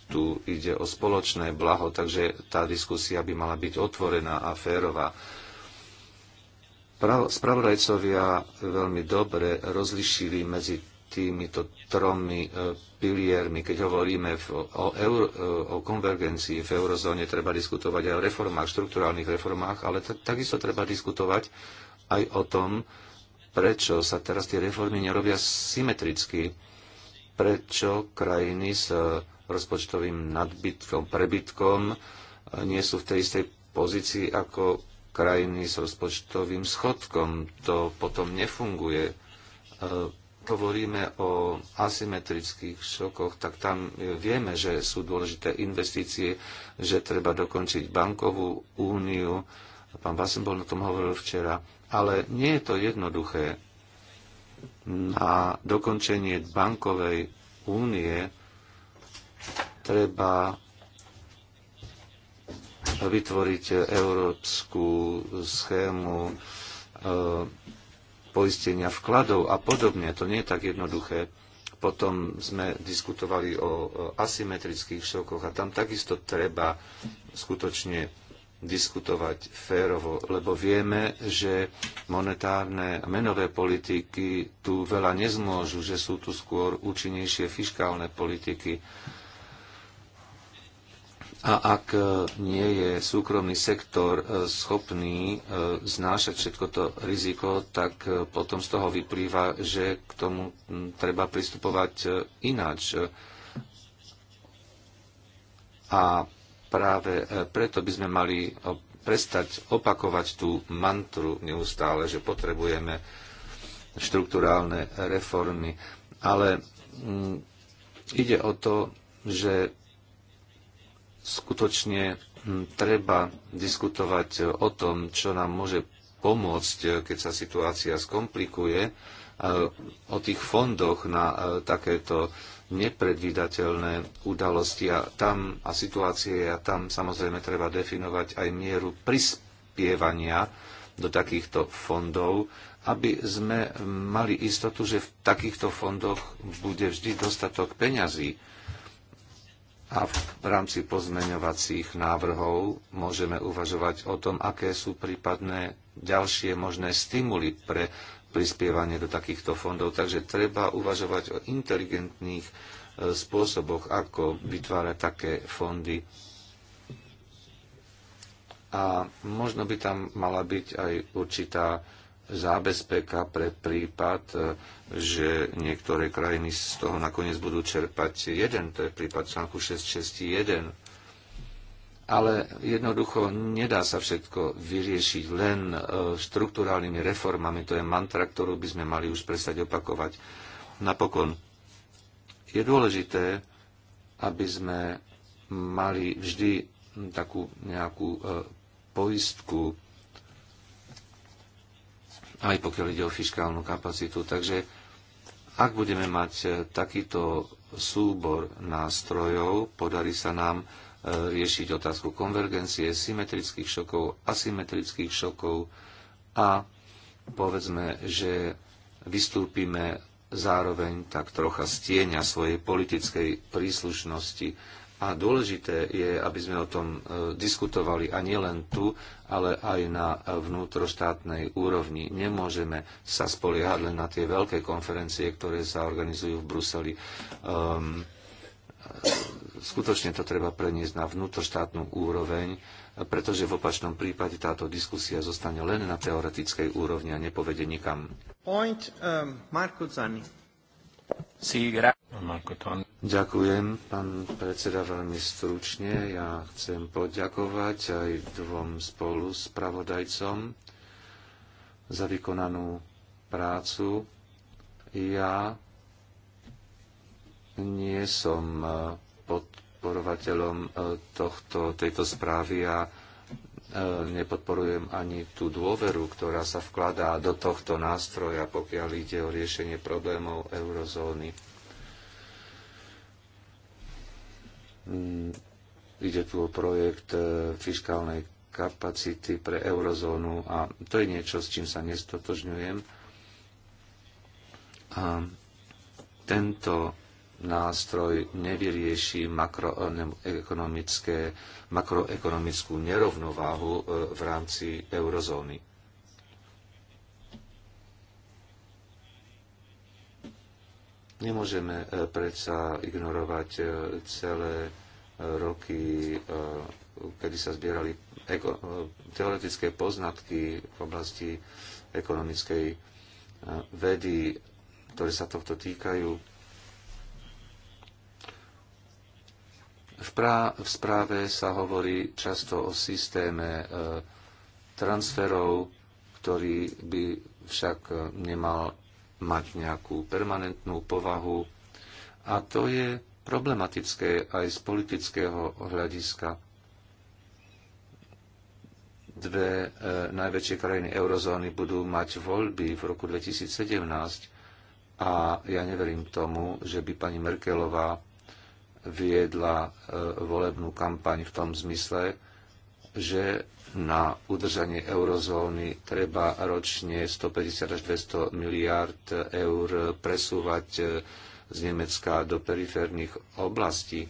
tu ide o spoločné blaho, takže tá diskusia by mala byť otvorená a férová. Spravodajcovia veľmi dobre rozlišili medzi týmito tromi e, piliermi. Keď hovoríme o, euro, e, o konvergencii v eurozóne, treba diskutovať aj o reformách, štruktúrálnych reformách, ale takisto treba diskutovať aj o tom, prečo sa teraz tie reformy nerobia symetricky, prečo krajiny s e, rozpočtovým nadbytkom, prebytkom, nie sú v tej istej pozícii ako krajiny s rozpočtovým schodkom. To potom nefunguje. E, hovoríme o asymetrických šokoch, tak tam e, vieme, že sú dôležité investície, že treba dokončiť bankovú úniu. Pán Vasenbol o tom hovoril včera. Ale nie je to jednoduché. Na dokončenie bankovej únie Treba vytvoriť európsku schému eh, poistenia vkladov a podobne. To nie je tak jednoduché. Potom sme diskutovali o asymetrických šokoch a tam takisto treba skutočne diskutovať férovo, lebo vieme, že monetárne a menové politiky tu veľa nezmôžu, že sú tu skôr účinnejšie fiskálne politiky. A ak e, nie je súkromný sektor e, schopný e, znášať všetko to riziko, tak potom z toho vyplýva, že k tomu treba pristupovať ináč. A práve preto by sme mali prestať opakovať tú mantru neustále, že potrebujeme štruktúrálne reformy. Ale ide o to, že skutočne hm, treba diskutovať o tom, čo nám môže pomôcť, eh, keď sa situácia skomplikuje, eh, o tých fondoch na eh, takéto nepredvídateľné udalosti a tam a situácie a tam samozrejme treba definovať aj mieru prispievania do takýchto fondov, aby sme mali istotu, že v takýchto fondoch bude vždy dostatok peňazí a v rámci pozmeňovacích návrhov môžeme uvažovať o tom, aké sú prípadné ďalšie možné stimuly pre prispievanie do takýchto fondov. Takže treba uvažovať o inteligentných e, spôsoboch, ako vytvárať také fondy. A možno by tam mala byť aj určitá zábezpeka pre prípad, e, že niektoré krajiny z toho nakoniec budú čerpať jeden, to je prípad článku 661. Ale jednoducho nedá sa všetko vyriešiť len e, štruktúrálnymi reformami, to je mantra, ktorú by sme mali už prestať opakovať. Napokon je dôležité, aby sme mali vždy takú nejakú e, poistku aj pokiaľ ide o fiskálnu kapacitu. Takže ak budeme mať e, takýto súbor nástrojov, podarí sa nám e, riešiť otázku konvergencie, symetrických šokov, asymetrických šokov a povedzme, že vystúpime zároveň tak trocha stieňa svojej politickej príslušnosti a dôležité je, aby sme o tom e, diskutovali a nielen tu, ale aj na e, vnútroštátnej úrovni. Nemôžeme sa spoliehať len na tie veľké konferencie, ktoré sa organizujú v Bruseli. Um, skutočne to treba preniesť na vnútroštátnu úroveň, pretože v opačnom prípade táto diskusia zostane len na teoretickej úrovni a nepovede nikam. Point, um, ehm, Marko Zani. Sí, gra- Ďakujem, pán predseda, veľmi stručne. Ja chcem poďakovať aj dvom spolu pravodajcom za vykonanú prácu. Ja nie som eh, podporovateľom eh, tohto, tejto správy a eh, nepodporujem ani tú dôveru, ktorá sa vkladá do tohto nástroja, pokiaľ ide o riešenie problémov eurozóny Mm, ide tu o projekt e, fiskálnej kapacity pre eurozónu a to je niečo, s čím sa nestotožňujem. A tento nástroj nevyrieši makroekonomické, makroekonomickú nerovnováhu e, v rámci eurozóny. Nemôžeme e, predsa ignorovať e, celé e, roky, kedy sa zbierali teoretické poznatky v oblasti ekonomickej vedy, ktoré sa tohto týkajú. V, prá- v správe sa hovorí často o systéme e, transferov, ktorý by však nemal mať nejakú permanentnú povahu a to je problematické aj z politického hľadiska. Dve e, najväčšie krajiny eurozóny budú mať voľby v roku 2017 a ja neverím tomu, že by pani Merkelová viedla e, volebnú kampaň v tom zmysle, že na udržanie eurozóny treba ročne 150 až 200 miliárd eur presúvať e, z Nemecka do periférnych oblastí. E,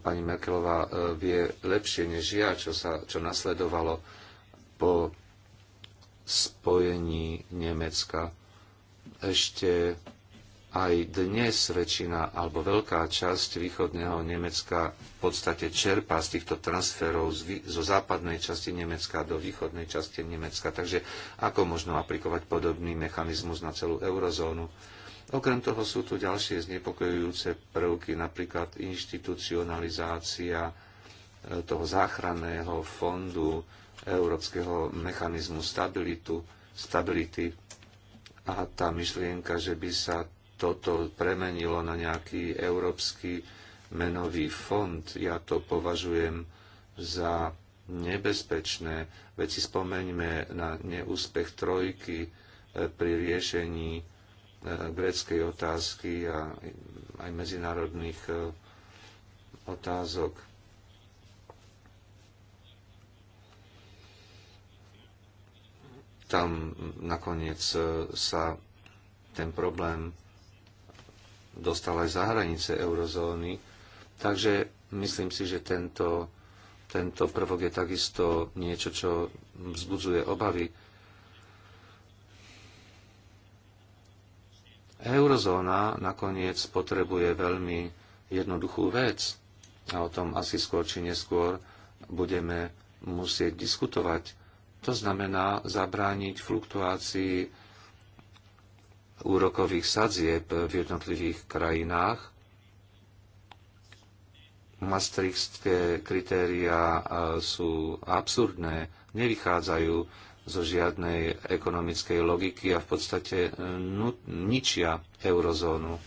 pani Merkelová e, vie lepšie než ja, čo, sa, čo nasledovalo po spojení Nemecka ešte aj dnes väčšina alebo veľká časť východného Nemecka v podstate čerpá z týchto transferov zo západnej časti Nemecka do východnej časti Nemecka. Takže ako možno aplikovať podobný mechanizmus na celú eurozónu? Okrem toho sú tu ďalšie znepokojujúce prvky, napríklad inštitucionalizácia e, toho záchranného fondu Európskeho mechanizmu stabilitu, stability a tá myšlienka, že by sa toto premenilo na nejaký európsky menový fond. Ja to považujem za nebezpečné. Veď si spomeňme na neúspech trojky e, pri riešení e, gréckej otázky a aj medzinárodných e, otázok. Tam nakoniec sa ten problém dostal aj za hranice eurozóny. Takže myslím si, že tento, tento prvok je takisto niečo, čo vzbudzuje obavy. Eurozóna nakoniec potrebuje veľmi jednoduchú vec a o tom asi skôr či neskôr budeme musieť diskutovať. To znamená zabrániť fluktuácii úrokových sadzieb v jednotlivých krajinách. Maastrichtské kritéria sú absurdné, nevychádzajú zo žiadnej ekonomickej logiky a v podstate e, ničia eurozónu.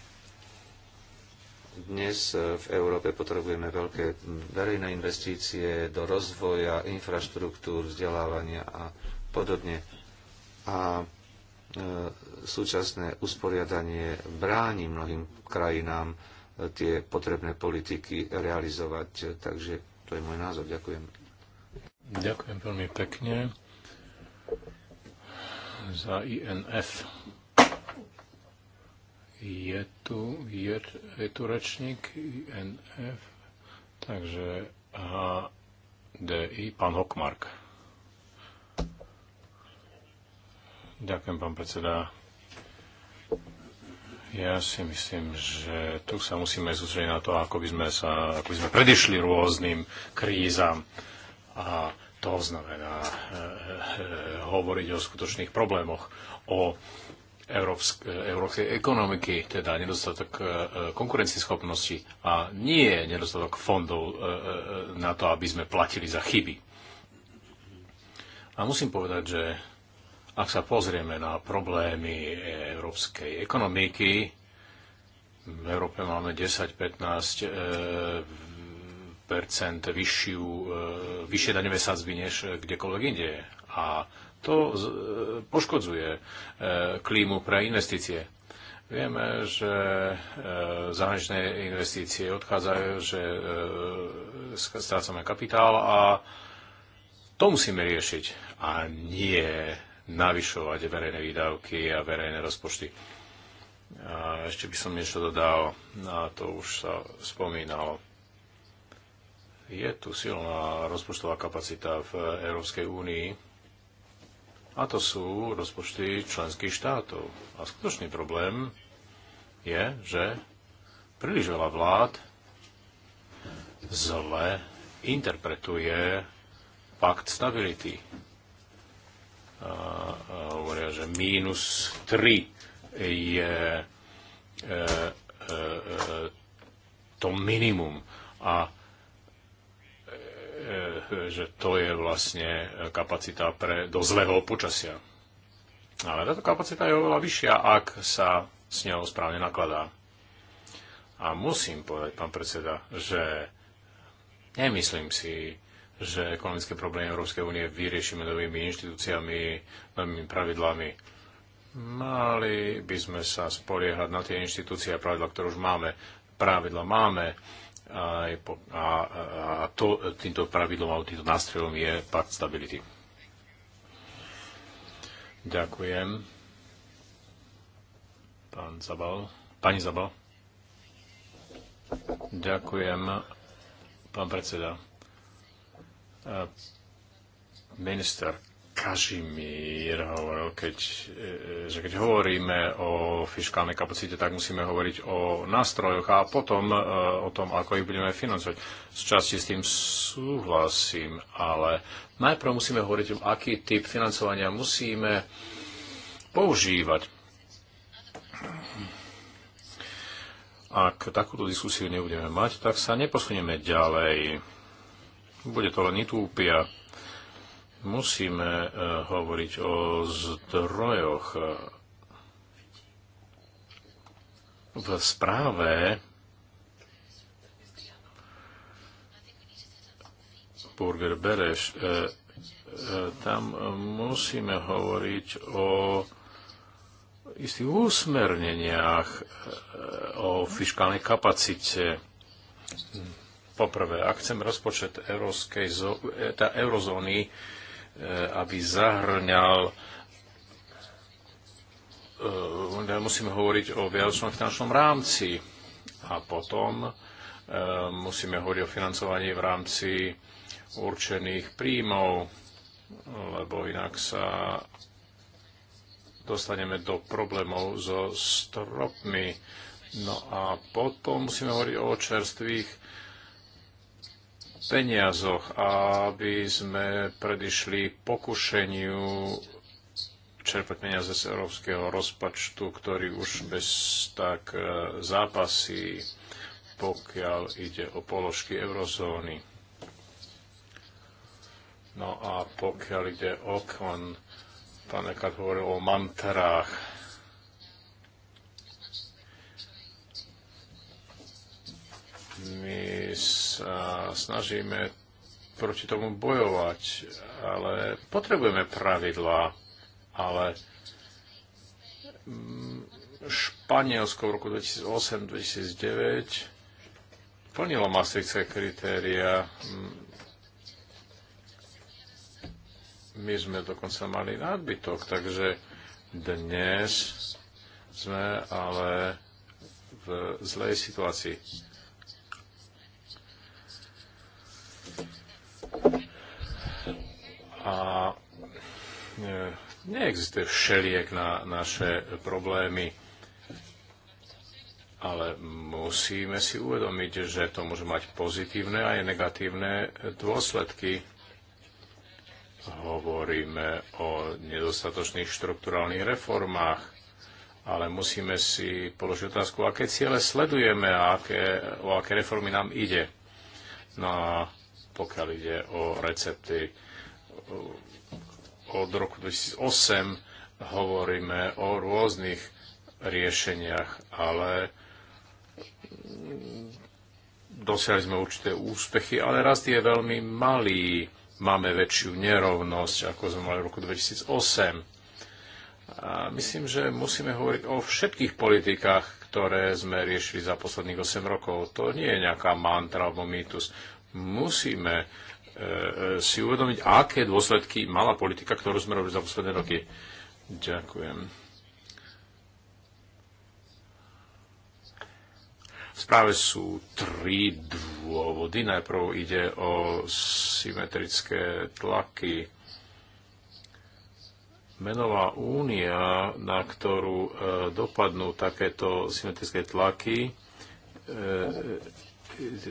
Dnes e, v Európe potrebujeme veľké verejné investície do rozvoja, infraštruktúr, vzdelávania a podobne. A E, súčasné usporiadanie bráni mnohým krajinám e, tie potrebné politiky realizovať. E, takže to je môj názor. Ďakujem. Ďakujem veľmi pekne za INF. Je tu, je, je tu rečník INF, takže HDI, pán Hokmark. Ďakujem, pán predseda. Ja si myslím, že tu sa musíme sústrediť na to, ako by sme, sa, ako by sme predišli rôznym krízam. A to znamená e, e, e hovoriť o skutočných problémoch, o e, európskej ekonomiky, teda nedostatok e, e, konkurencieschopnosti a nie nedostatok fondov e, e, na to, aby sme platili za chyby. A musím povedať, že ak sa pozrieme na problémy európskej ekonomiky, v Európe máme 10-15 e, vyššiu, e, vyššie daňové sadzby než kdekoľvek inde. A to e, poškodzuje klímu pre investície. Vieme, že zahraničné investície odchádzajú, že strácame kapitál a to musíme riešiť. A nie navyšovať verejné výdavky a verejné rozpočty. A ešte by som niečo dodal, na to už sa spomínalo. Je tu silná rozpočtová kapacita v Európskej únii a to sú rozpočty členských štátov. A skutočný problém je, že príliš veľa vlád zle interpretuje pakt stability hovoria, že mínus 3 je e, e, e, to minimum a že to je vlastne kapacita pre, do zlého počasia. Ale táto kapacita je oveľa vyššia, ak sa s ňou správne nakladá. A musím povedať, pán predseda, že nemyslím si, že ekonomické problémy Európskej únie vyriešime novými inštitúciami, novými pravidlami. Mali by sme sa spoliehať na tie inštitúcie a pravidla, ktoré už máme. Pravidla máme a, a, a to, týmto pravidlom alebo týmto nástrojom je Pact Stability. Ďakujem. Pán Zabal. Pani Zabal. Ďakujem, pán predseda. E, minister Kažimír hovoril, keď, e, že keď hovoríme o fiskálnej kapacite, tak musíme hovoriť o nástrojoch a potom e, o tom, ako ich budeme financovať. Z časti s tým súhlasím, ale najprv musíme hovoriť, aký typ financovania musíme používať. Ak takúto diskusiu nebudeme mať, tak sa neposunieme ďalej. Bude to len Itúpia. Musíme e, hovoriť o zdrojoch. V správe Burger Bereš, e, e, tam musíme hovoriť o istých úsmerneniach, o fiskálnej kapacite. Poprvé, ak chcem rozpočet zo- e, tá eurozóny, e, aby zahrňal e, musíme hovoriť o viacnom finančnom rámci a potom musíme hovoriť o financovaní v rámci určených príjmov, lebo inak sa dostaneme do problémov so stropmi. No a potom musíme hovoriť o čerstvých peniazoch, aby sme predišli pokušeniu čerpať peniaze z európskeho rozpočtu, ktorý už bez tak e, zápasí, pokiaľ ide o položky eurozóny. No a pokiaľ ide o kon, pán Ekat hovoril o mantrách, My sa snažíme proti tomu bojovať, ale potrebujeme pravidlá, ale Španielsko v roku 2008-2009 plnilo maastrichtské kritéria. My sme dokonca mali nadbytok, takže dnes sme ale v zlej situácii. A e, neexistuje všeliek na naše problémy, ale musíme si uvedomiť, že to môže mať pozitívne aj negatívne dôsledky. Hovoríme o nedostatočných štrukturálnych reformách, ale musíme si položiť otázku, aké ciele sledujeme a aké, o aké reformy nám ide. No a pokiaľ ide o recepty. Od roku 2008 hovoríme o rôznych riešeniach, ale dosiahli sme určité úspechy, ale rast je veľmi malý. Máme väčšiu nerovnosť, ako sme mali v roku 2008. A myslím, že musíme hovoriť o všetkých politikách, ktoré sme riešili za posledných 8 rokov. To nie je nejaká mantra alebo mýtus musíme e, e, si uvedomiť, aké dôsledky mala politika, ktorú sme robili za posledné roky. Ďakujem. V správe sú tri dôvody. Najprv ide o symetrické tlaky. Menová únia, na ktorú e, dopadnú takéto symetrické tlaky,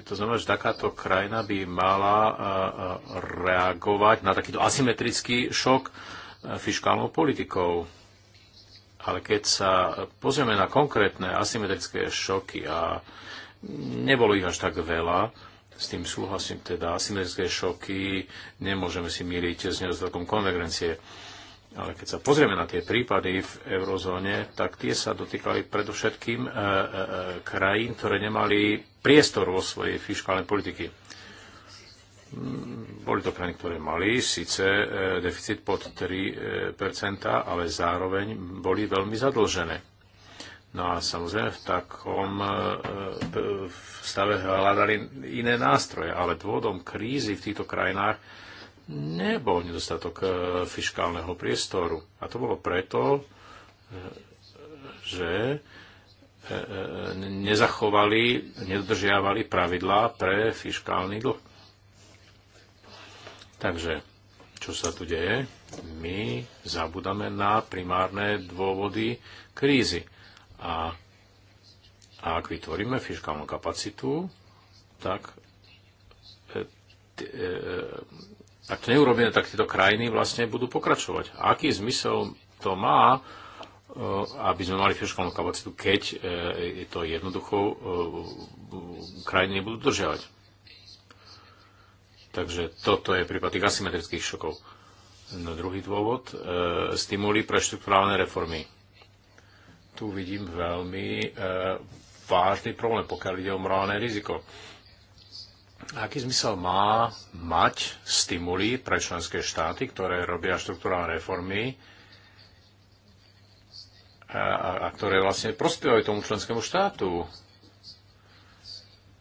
to znamená, že takáto krajina by mala e, e, reagovať na takýto asymetrický šok e, fiskálnou politikou. Ale keď sa pozrieme na konkrétne asymetrické šoky a nebolo ich až tak veľa, s tým súhlasím, teda asymetrické šoky nemôžeme si míriť s nedostatkom konvergencie ale keď sa pozrieme na tie prípady v eurozóne, tak tie sa dotýkali predovšetkým e, e, e, krajín, ktoré nemali priestor vo svojej fiskálnej politiky. Mm, boli to krajiny, ktoré mali síce deficit pod 3%, ale zároveň boli veľmi zadlžené. No a samozrejme v takom stave hľadali iné nástroje, ale dôvodom krízy v týchto krajinách nebol nedostatok e, fiskálneho priestoru. A to bolo preto, e, že e, nezachovali, nedodržiavali pravidlá pre fiskálny dlh. Takže, čo sa tu deje? My zabudame na primárne dôvody krízy. A, ak vytvoríme fiskálnu kapacitu, tak ak to neurobíme, tak tieto krajiny vlastne budú pokračovať. A aký zmysel to má, e, aby sme mali fiskálnu kapacitu, keď e, je to jednoducho e, krajiny nebudú držiavať. Takže toto je prípad tých asymetrických šokov. No, druhý dôvod, e, stimuli pre štruktúrálne reformy. Tu vidím veľmi e, vážny problém, pokiaľ ide o morálne riziko. E, aký zmysel má mať stimuly pre členské štáty, ktoré robia štruktúrálne reformy a, a ktoré vlastne prospievajú tomu členskému štátu.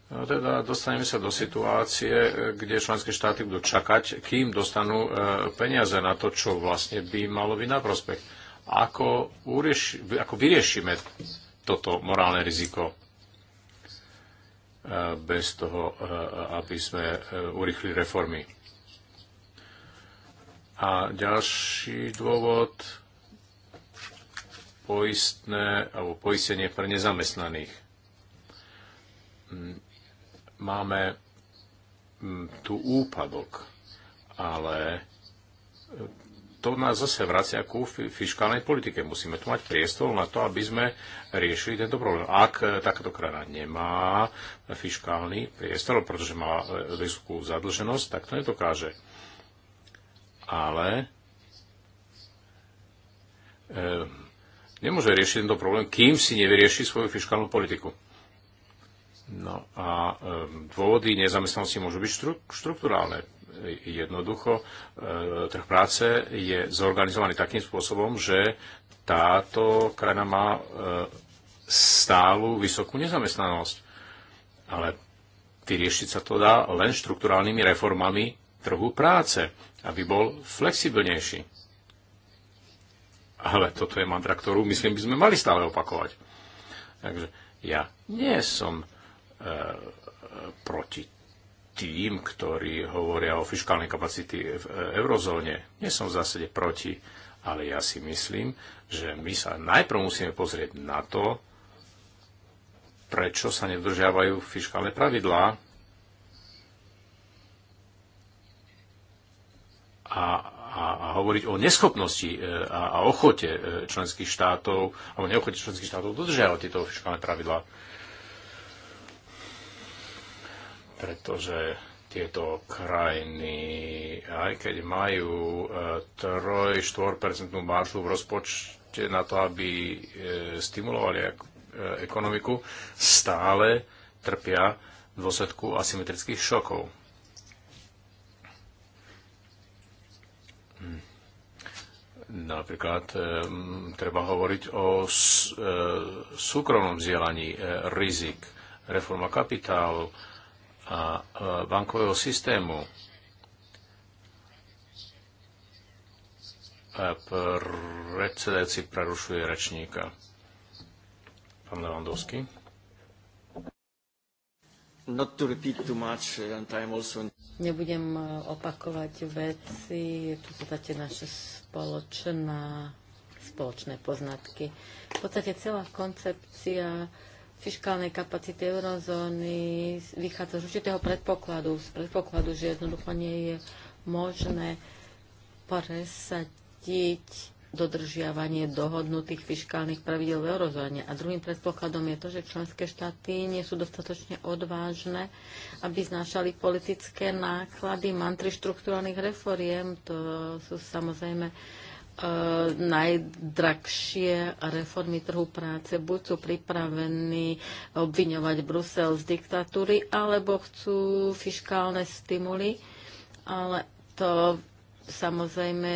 No teda dostaneme sa do situácie, kde členské štáty budú čakať, kým dostanú e, peniaze na to, čo vlastne by malo byť na prospech. Ako, ako vyriešime toto morálne riziko? bez toho, aby sme e, urychli reformy. A ďalší dôvod, poistné alebo poistenie pre nezamestnaných. Mm, máme mm, tu úpadok, ale e, to nás zase vracia ku fiskálnej politike. Musíme tu mať priestor na to, aby sme riešili tento problém. Ak e, takáto krajina nemá fiskálny priestor, pretože má e, vysokú zadlženosť, tak to nedokáže. Ale e, nemôže riešiť tento problém, kým si nevyrieši svoju fiskálnu politiku. No a e, dôvody nezamestnanosti môžu byť štru, štruktúrálne jednoducho. E, trh práce je zorganizovaný takým spôsobom, že táto krajina má e, stálu vysokú nezamestnanosť. Ale vyriešiť sa to dá len štruktúrálnymi reformami trhu práce, aby bol flexibilnejší. Ale toto je mantra, ktorú myslím, by sme mali stále opakovať. Takže ja nie som e, proti tým, ktorí hovoria o fiskálnej kapacity v e, eurozóne. Nie som v zásade proti, ale ja si myslím, že my sa najprv musíme pozrieť na to, prečo sa nedržiavajú fiskálne pravidlá a, a, a hovoriť o neschopnosti e, a, a ochote e, členských štátov, alebo neochote členských štátov dodržiavať tieto fiskálne pravidlá pretože tieto krajiny, aj keď majú 3-4% e, maržu v rozpočte na to, aby e, stimulovali e, ekonomiku, stále trpia v dôsledku asymetrických šokov. Hm. Napríklad treba hovoriť o súkromnom vzdielaní rizik, reforma kapitálu, a bankového systému predsedajúci prerušuje rečníka. Pán Levandovský. Not to repeat too much, uh, and I'm also... Nebudem uh, opakovať veci, je tu v podstate naše spoločná, spoločné poznatky. V podstate celá koncepcia fiskálnej kapacity eurozóny vychádza z určitého predpokladu, z predpokladu, že jednoducho nie je možné presadiť dodržiavanie dohodnutých fiskálnych pravidel v eurozóne. A druhým predpokladom je to, že členské štáty nie sú dostatočne odvážne, aby znášali politické náklady mantry štruktúrnych reforiem. To sú samozrejme E, najdrahšie reformy trhu práce buď sú pripravení obviňovať Brusel z diktatúry, alebo chcú fiskálne stimuly, ale to samozrejme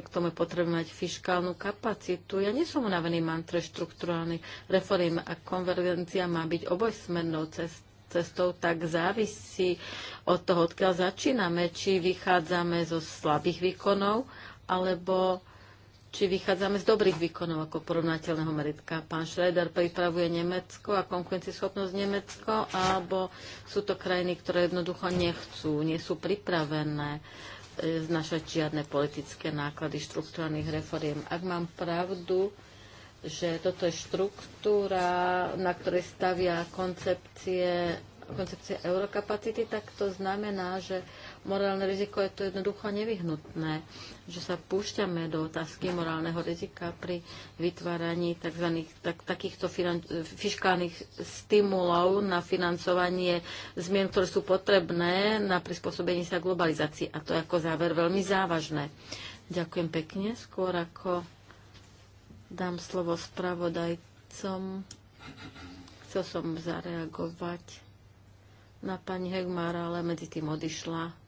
k tomu potrebujeme mať fiskálnu kapacitu. Ja nie som unavený mantre štruktúrálnych reform a konvergencia má byť obojsmernou cestou cestou tak závisí od toho, odkiaľ začíname, či vychádzame zo slabých výkonov, alebo či vychádzame z dobrých výkonov ako porovnateľného meritka. Pán Schreider pripravuje Nemecko a konkurencieschopnosť Nemecko, alebo sú to krajiny, ktoré jednoducho nechcú, nie sú pripravené znašať e, žiadne politické náklady štruktúrnych reforiem. Ak mám pravdu, že toto je štruktúra, na ktorej stavia koncepcie, koncepcie eurokapacity, tak to znamená, že morálne riziko je to jednoducho nevyhnutné, že sa púšťame do otázky morálneho rizika pri vytváraní tzv. Tak, takýchto finan, fiskálnych stimulov na financovanie zmien, ktoré sú potrebné na prispôsobenie sa globalizácii. A to je ako záver veľmi závažné. Ďakujem pekne. Skôr ako dám slovo spravodajcom, chcel som zareagovať na pani Hegmara, ale medzi tým odišla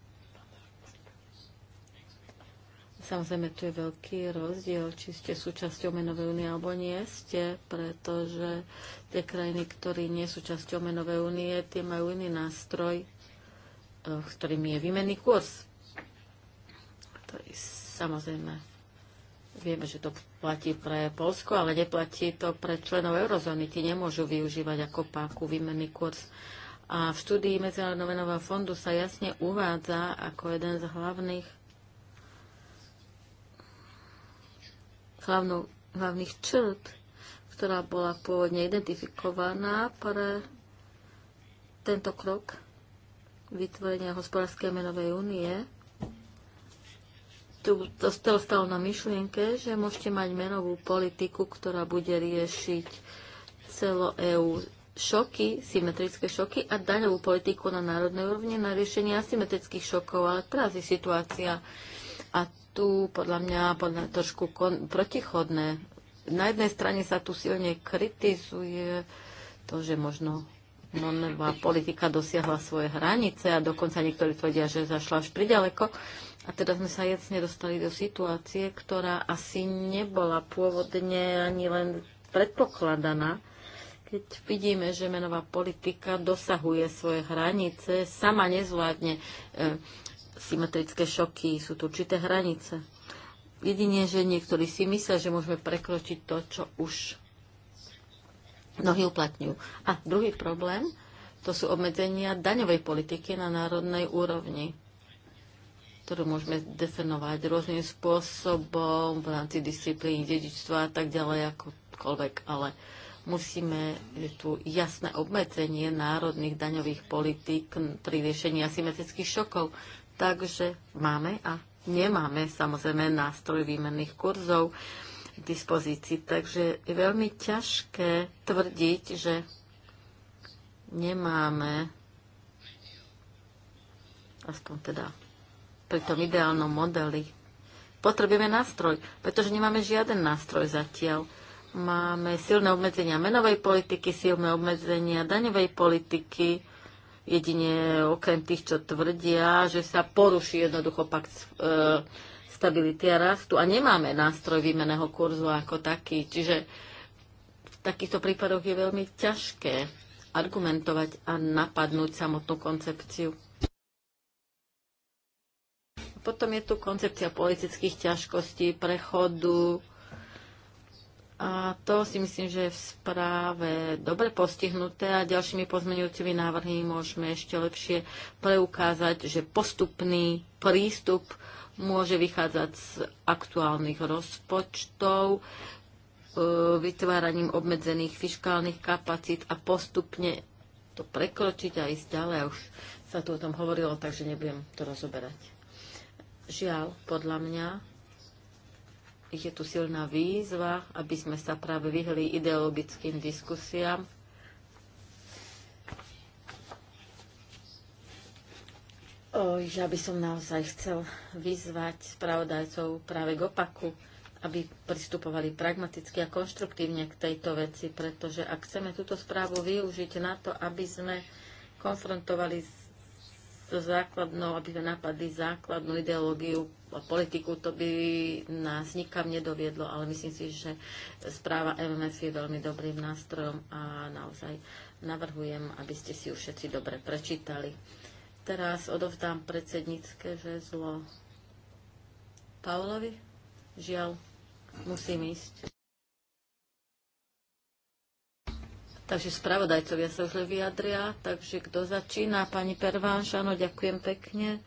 Samozrejme, tu je veľký rozdiel, či ste súčasťou menovej únie alebo nie ste, pretože tie krajiny, ktorí nie sú časťou menovej únie, tie majú iný nástroj, eh, ktorým je výmenný kurz. To je samozrejme. Vieme, že to platí pre Polsko, ale neplatí to pre členov eurozóny. Tí nemôžu využívať ako páku výmenný kurz. A v štúdii Medzinárodného fondu sa jasne uvádza ako jeden z hlavných hlavnou, hlavných črt, ktorá bola pôvodne identifikovaná pre tento krok vytvorenia hospodárskej menovej únie. Tu to, stalo na myšlienke, že môžete mať menovú politiku, ktorá bude riešiť celo EU šoky, symetrické šoky a daňovú politiku na národnej úrovni na riešenie asymetrických šokov, ale teraz je situácia a tu podľa mňa podľa trošku kon- protichodné. Na jednej strane sa tu silne kritizuje to, že možno monová politika dosiahla svoje hranice a dokonca niektorí tvrdia, že zašla až priďaleko. A teda sme sa jasne dostali do situácie, ktorá asi nebola pôvodne ani len predpokladaná. Keď vidíme, že menová politika dosahuje svoje hranice, sama nezvládne e, symetrické šoky, sú tu určité hranice. Jedine, že niektorí si myslia, že môžeme prekročiť to, čo už mnohí uplatňujú. A druhý problém, to sú obmedzenia daňovej politiky na národnej úrovni, ktorú môžeme definovať rôznym spôsobom v rámci disciplíny, dedičstva a tak ďalej, akokoľvek, ale musíme tu jasné obmedzenie národných daňových politík pri riešení asymetrických šokov. Takže máme a nemáme samozrejme nástroj výmenných kurzov k dispozícii. Takže je veľmi ťažké tvrdiť, že nemáme aspoň teda pri tom ideálnom modeli. Potrebujeme nástroj, pretože nemáme žiaden nástroj zatiaľ. Máme silné obmedzenia menovej politiky, silné obmedzenia daňovej politiky, jedine okrem tých, čo tvrdia, že sa poruší jednoducho pakt e, stability a rastu a nemáme nástroj výmeného kurzu ako taký. Čiže v takýchto prípadoch je veľmi ťažké argumentovať a napadnúť samotnú koncepciu. Potom je tu koncepcia politických ťažkostí, prechodu, a to si myslím, že je v správe dobre postihnuté a ďalšími pozmenujúcimi návrhy môžeme ešte lepšie preukázať, že postupný prístup môže vychádzať z aktuálnych rozpočtov, e, vytváraním obmedzených fiskálnych kapacít a postupne to prekročiť a ísť ďalej. Už sa tu o tom hovorilo, takže nebudem to rozoberať. Žiaľ, podľa mňa, je tu silná výzva, aby sme sa práve vyhli ideologickým diskusiám. Ja by som naozaj chcel vyzvať spravodajcov práve k opaku, aby pristupovali pragmaticky a konštruktívne k tejto veci, pretože ak chceme túto správu využiť na to, aby sme konfrontovali s so základnou, aby sme napadli základnú ideológiu a politiku, to by nás nikam nedoviedlo, ale myslím si, že správa MMF je veľmi dobrým nástrojom a naozaj navrhujem, aby ste si ju všetci dobre prečítali. Teraz odovzdám predsednícke žezlo Paulovi. Žiaľ, musím ísť. Takže spravodajcovia sa už vyjadria. Takže kto začína? Pani Pervánš, áno, ďakujem pekne.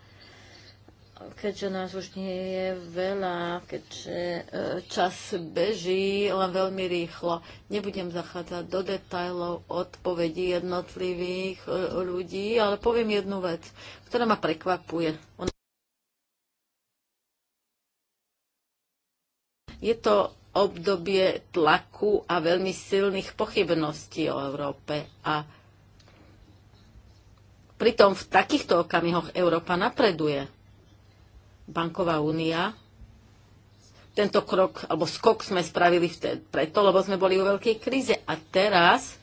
Keďže nás už nie je veľa, keďže e, čas beží len veľmi rýchlo, nebudem zachádzať do detajlov odpovedí jednotlivých e, ľudí, ale poviem jednu vec, ktorá ma prekvapuje. Je to obdobie tlaku a veľmi silných pochybností o Európe. A pritom v takýchto okamihoch Európa napreduje. Banková únia. Tento krok, alebo skok sme spravili vtedy, preto, lebo sme boli vo veľkej kríze. A teraz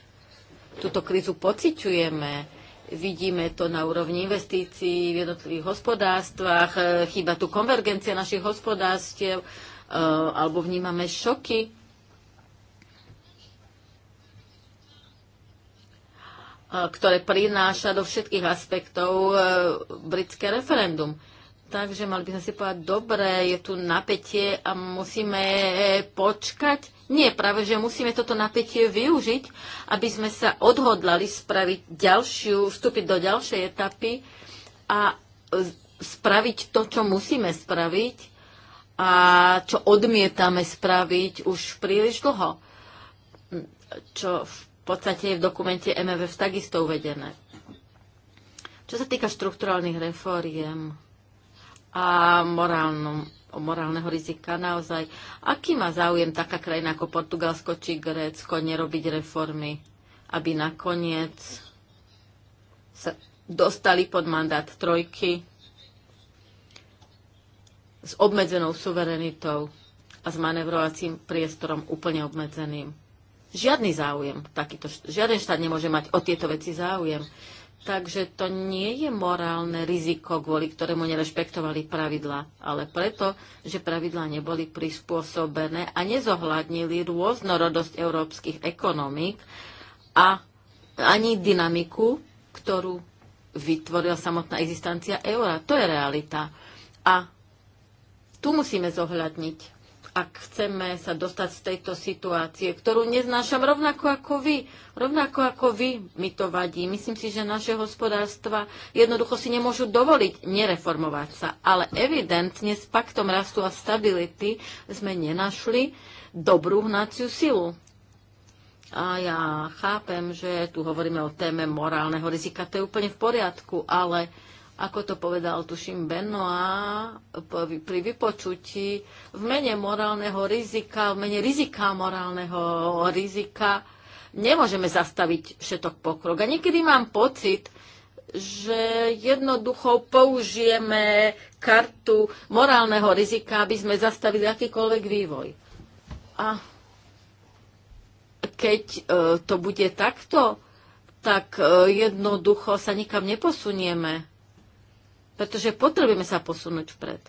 túto krízu pociťujeme. Vidíme to na úrovni investícií v jednotlivých hospodárstvách, chýba tu konvergencia našich hospodárstiev, Eh, alebo vnímame šoky. Eh, ktoré prináša do všetkých aspektov eh, britské referendum. Takže mali by sme si povedať, dobre, je tu napätie a musíme počkať. Nie, práve, že musíme toto napätie využiť, aby sme sa odhodlali spraviť ďalšiu, vstúpiť do ďalšej etapy a spraviť to, čo musíme spraviť a čo odmietame spraviť už príliš dlho, čo v podstate je v dokumente MFF takisto uvedené. Čo sa týka štrukturálnych reforiem a morálnom, morálneho rizika, naozaj, aký má záujem taká krajina ako Portugalsko či Grécko nerobiť reformy, aby nakoniec sa dostali pod mandát trojky s obmedzenou suverenitou a s manevrovacím priestorom úplne obmedzeným. Žiadny záujem, takýto, žiaden štát nemôže mať o tieto veci záujem. Takže to nie je morálne riziko, kvôli ktorému nerešpektovali pravidla, ale preto, že pravidlá neboli prispôsobené a nezohľadnili rôznorodosť európskych ekonomík a ani dynamiku, ktorú vytvorila samotná existencia eura. To je realita. A tu musíme zohľadniť ak chceme sa dostať z tejto situácie, ktorú neznášam rovnako ako vy. Rovnako ako vy mi to vadí. Myslím si, že naše hospodárstva jednoducho si nemôžu dovoliť nereformovať sa. Ale evidentne s paktom rastu a stability sme nenašli dobrú hnaciu silu. A ja chápem, že tu hovoríme o téme morálneho rizika, to je úplne v poriadku, ale ako to povedal, tuším, Benoá, pri vypočutí, v mene morálneho rizika, v mene rizika morálneho rizika nemôžeme zastaviť všetok pokrok. A niekedy mám pocit, že jednoducho použijeme kartu morálneho rizika, aby sme zastavili akýkoľvek vývoj. A keď e, to bude takto, tak e, jednoducho sa nikam neposunieme pretože potrebujeme sa posunúť vpred.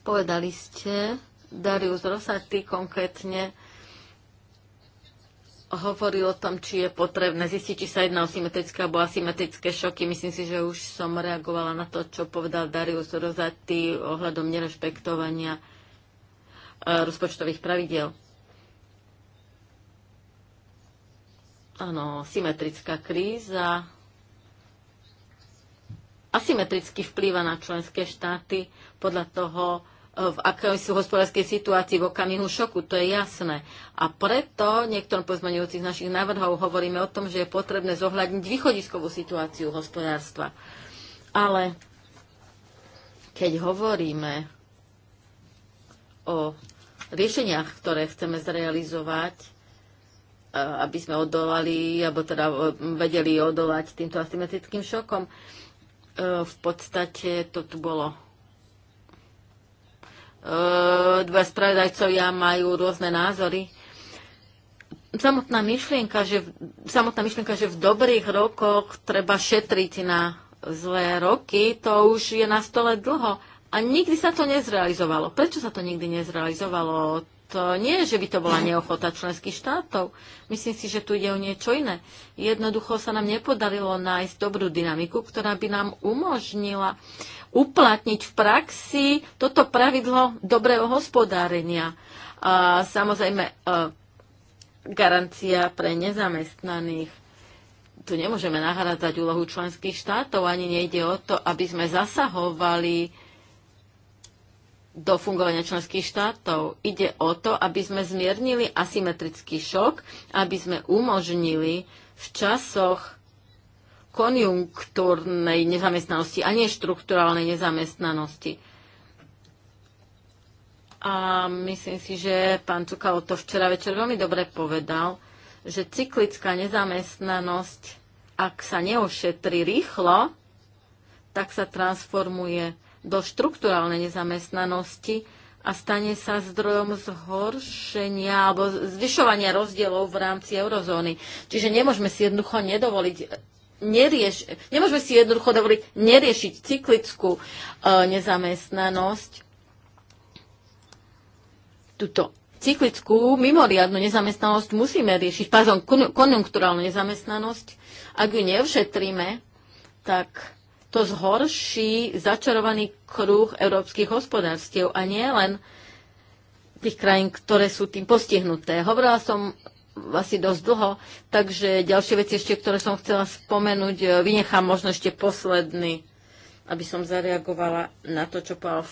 Povedali ste, Darius Rosati konkrétne hovoril o tom, či je potrebné zistiť, či sa jedná o symetrické alebo asymetrické šoky. Myslím si, že už som reagovala na to, čo povedal Darius Rosati ohľadom nerešpektovania e, rozpočtových pravidel. Áno, symetrická kríza asymetricky vplýva na členské štáty podľa toho, e, v akej sú hospodárskej situácii v okamihu šoku, to je jasné. A preto niektorom pozmeňujúcich našich návrhov hovoríme o tom, že je potrebné zohľadniť východiskovú situáciu hospodárstva. Ale keď hovoríme o riešeniach, ktoré chceme zrealizovať, e, aby sme odolali, alebo teda e, vedeli odolať týmto asymetrickým šokom, v podstate to tu bolo ehm, dva spravodajcovia majú rôzne názory. Samotná myšlienka, že, samotná myšlienka, že v dobrých rokoch treba šetriť na zlé roky, to už je na stole dlho. A nikdy sa to nezrealizovalo. Prečo sa to nikdy nezrealizovalo? to nie je, že by to bola neochota členských štátov. Myslím si, že tu ide o niečo iné. Jednoducho sa nám nepodarilo nájsť dobrú dynamiku, ktorá by nám umožnila uplatniť v praxi toto pravidlo dobrého hospodárenia. A samozrejme, e, garancia pre nezamestnaných. Tu nemôžeme nahrádzať úlohu členských štátov, ani nejde o to, aby sme zasahovali do fungovania členských štátov. Ide o to, aby sme zmiernili asymetrický šok, aby sme umožnili v časoch konjunktúrnej nezamestnanosti a nie štruktúralnej nezamestnanosti. A myslím si, že pán Cukalo to včera večer veľmi dobre povedal, že cyklická nezamestnanosť, ak sa neošetri rýchlo, tak sa transformuje do štruktúrálnej nezamestnanosti a stane sa zdrojom zhoršenia alebo zvyšovania rozdielov v rámci eurozóny. Čiže nemôžeme si jednoducho nedovoliť nerieš, nemôžeme si jednoducho dovoliť neriešiť cyklickú e, nezamestnanosť, Tuto cyklickú mimoriadnu nezamestnanosť musíme riešiť, pardon, konjunkturálnu nezamestnanosť. Ak ju nevšetríme, tak to zhorší začarovaný kruh európskych hospodárstiev a nie len tých krajín, ktoré sú tým postihnuté. Hovorila som asi dosť dlho, takže ďalšie veci ešte, ktoré som chcela spomenúť, e, vynechám možno ešte posledný, aby som zareagovala na to, čo povedal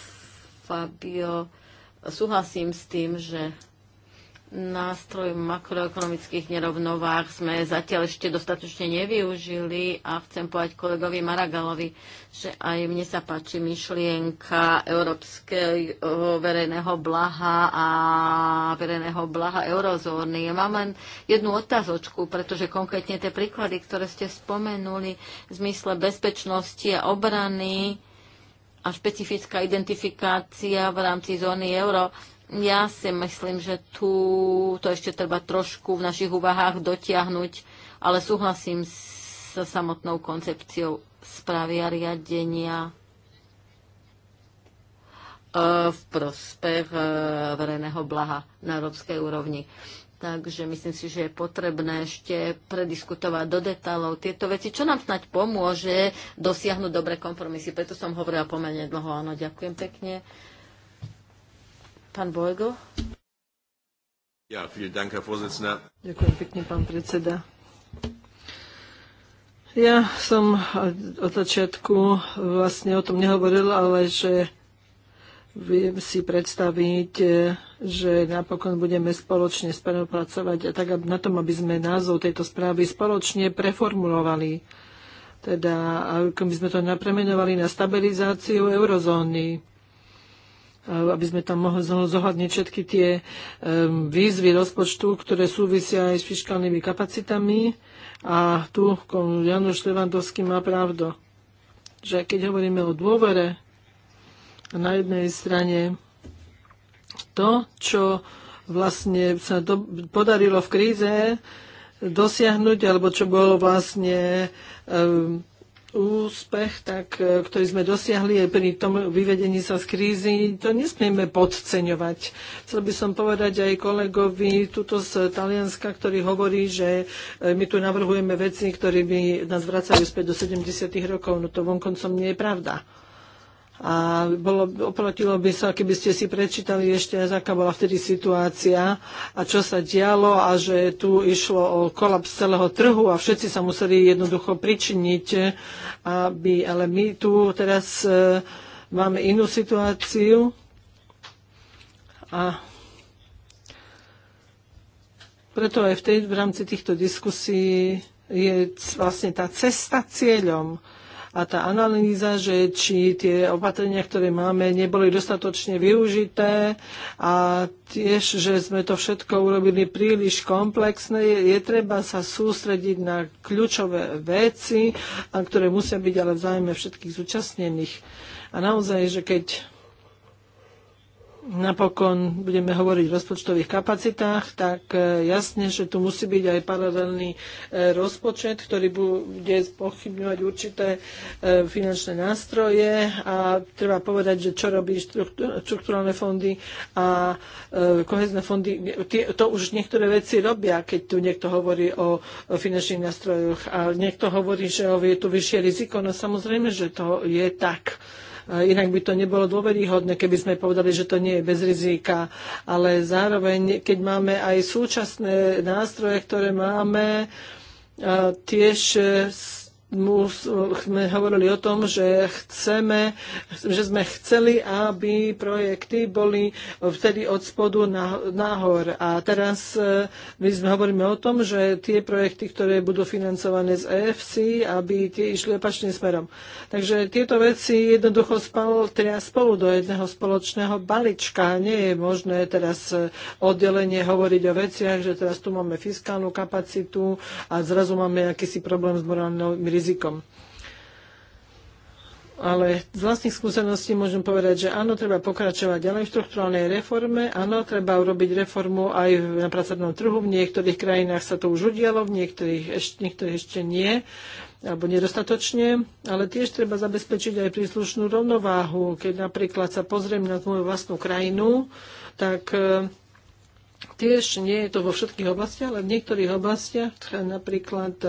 Fabio. Súhlasím s tým, že nástroj makroekonomických nerovnovách sme zatiaľ ešte dostatočne nevyužili a chcem povedať kolegovi Maragalovi, že aj mne sa páči myšlienka európskeho verejného blaha a verejného blaha eurozóny. Ja mám len jednu otázočku, pretože konkrétne tie príklady, ktoré ste spomenuli v zmysle bezpečnosti a obrany a špecifická identifikácia v rámci zóny euro, ja si myslím, že tu to ešte treba trošku v našich úvahách dotiahnuť, ale súhlasím sa samotnou koncepciou správy a riadenia e, v prospech e, verejného blaha na európskej úrovni. Takže myslím si, že je potrebné ešte prediskutovať do detálov tieto veci, čo nám snať pomôže dosiahnuť dobré kompromisy. Preto som hovorila pomerne dlho. Áno, ďakujem pekne. Pán Bojgo. Ja, vielen Dank, Herr Vorsitzender. Ďakujem pekne, pán predseda. Ja som od začiatku vlastne o tom nehovoril, ale že viem si predstaviť, že napokon budeme spoločne spolupracovať a tak na tom, aby sme názov tejto správy spoločne preformulovali. Teda, ako by sme to napremenovali na stabilizáciu eurozóny Eh, aby sme tam mohli zohľadniť všetky tie výzvy rozpočtu, ktoré súvisia aj s fiskálnymi kapacitami. A tu Januš Levandovský má pravdu, že keď hovoríme o dôvere, na jednej strane to, čo vlastne sa do, podarilo v kríze dosiahnuť, alebo čo bolo vlastne um, úspech, tak, e, ktorý sme dosiahli aj pri tom vyvedení sa z krízy, to nesmieme podceňovať. Chcel by som povedať aj kolegovi tuto z Talianska, ktorý hovorí, že e, my tu navrhujeme veci, ktoré by nás vracali späť do 70. rokov. No to vonkoncom nie je pravda a bolo, oprotilo by sa, keby ste si prečítali ešte, aká bola vtedy situácia a čo sa dialo a že tu išlo o kolaps celého trhu a všetci sa museli jednoducho pričiniť, aby, ale my tu teraz e, máme inú situáciu a preto aj v, tej, v rámci týchto diskusí je vlastne tá cesta cieľom a tá analýza, že či tie opatrenia, ktoré máme, neboli dostatočne využité a tiež, že sme to všetko urobili príliš komplexné, je, je treba sa sústrediť na kľúčové veci, a ktoré musia byť ale vzájme všetkých zúčastnených. A naozaj, že keď napokon budeme hovoriť o rozpočtových kapacitách, tak e, jasne, že tu musí byť aj paralelný e, rozpočet, ktorý bude pochybňovať určité e, finančné nástroje a treba povedať, že čo robí štruktúrálne fondy a kohezné fondy, to už niektoré veci robia, keď tu niekto hovorí o finančných nástrojoch a niekto hovorí, že je tu vyššie riziko, no samozrejme, že to je tak. Inak by to nebolo dôveryhodné, keby sme povedali, že to nie je bez rizika. Ale zároveň, keď máme aj súčasné nástroje, ktoré máme, tiež mus, sme hovorili o tom, že chceme, že sme chceli, aby projekty boli vtedy od spodu nahor. A teraz e, my sme hovoríme o tom, že tie projekty, ktoré budú financované z EFC, aby tie išli opačným smerom. Takže tieto veci jednoducho spal, teda spolu do jedného spoločného balička. Nie je možné teraz e, oddelenie hovoriť o veciach, že teraz tu máme fiskálnu kapacitu a zrazu máme akýsi problém s morálnymi rizikom. Ale z vlastných skúseností môžem povedať, že áno, treba pokračovať ďalej v štruktúralnej reforme, áno, treba urobiť reformu aj na pracovnom trhu. V niektorých krajinách sa to už udialo, v niektorých ešte, niektorých ešte nie alebo nedostatočne, ale tiež treba zabezpečiť aj príslušnú rovnováhu. Keď napríklad sa pozriem na moju vlastnú krajinu, tak e, tiež nie je to vo všetkých oblastiach, ale v niektorých oblastiach, napríklad e,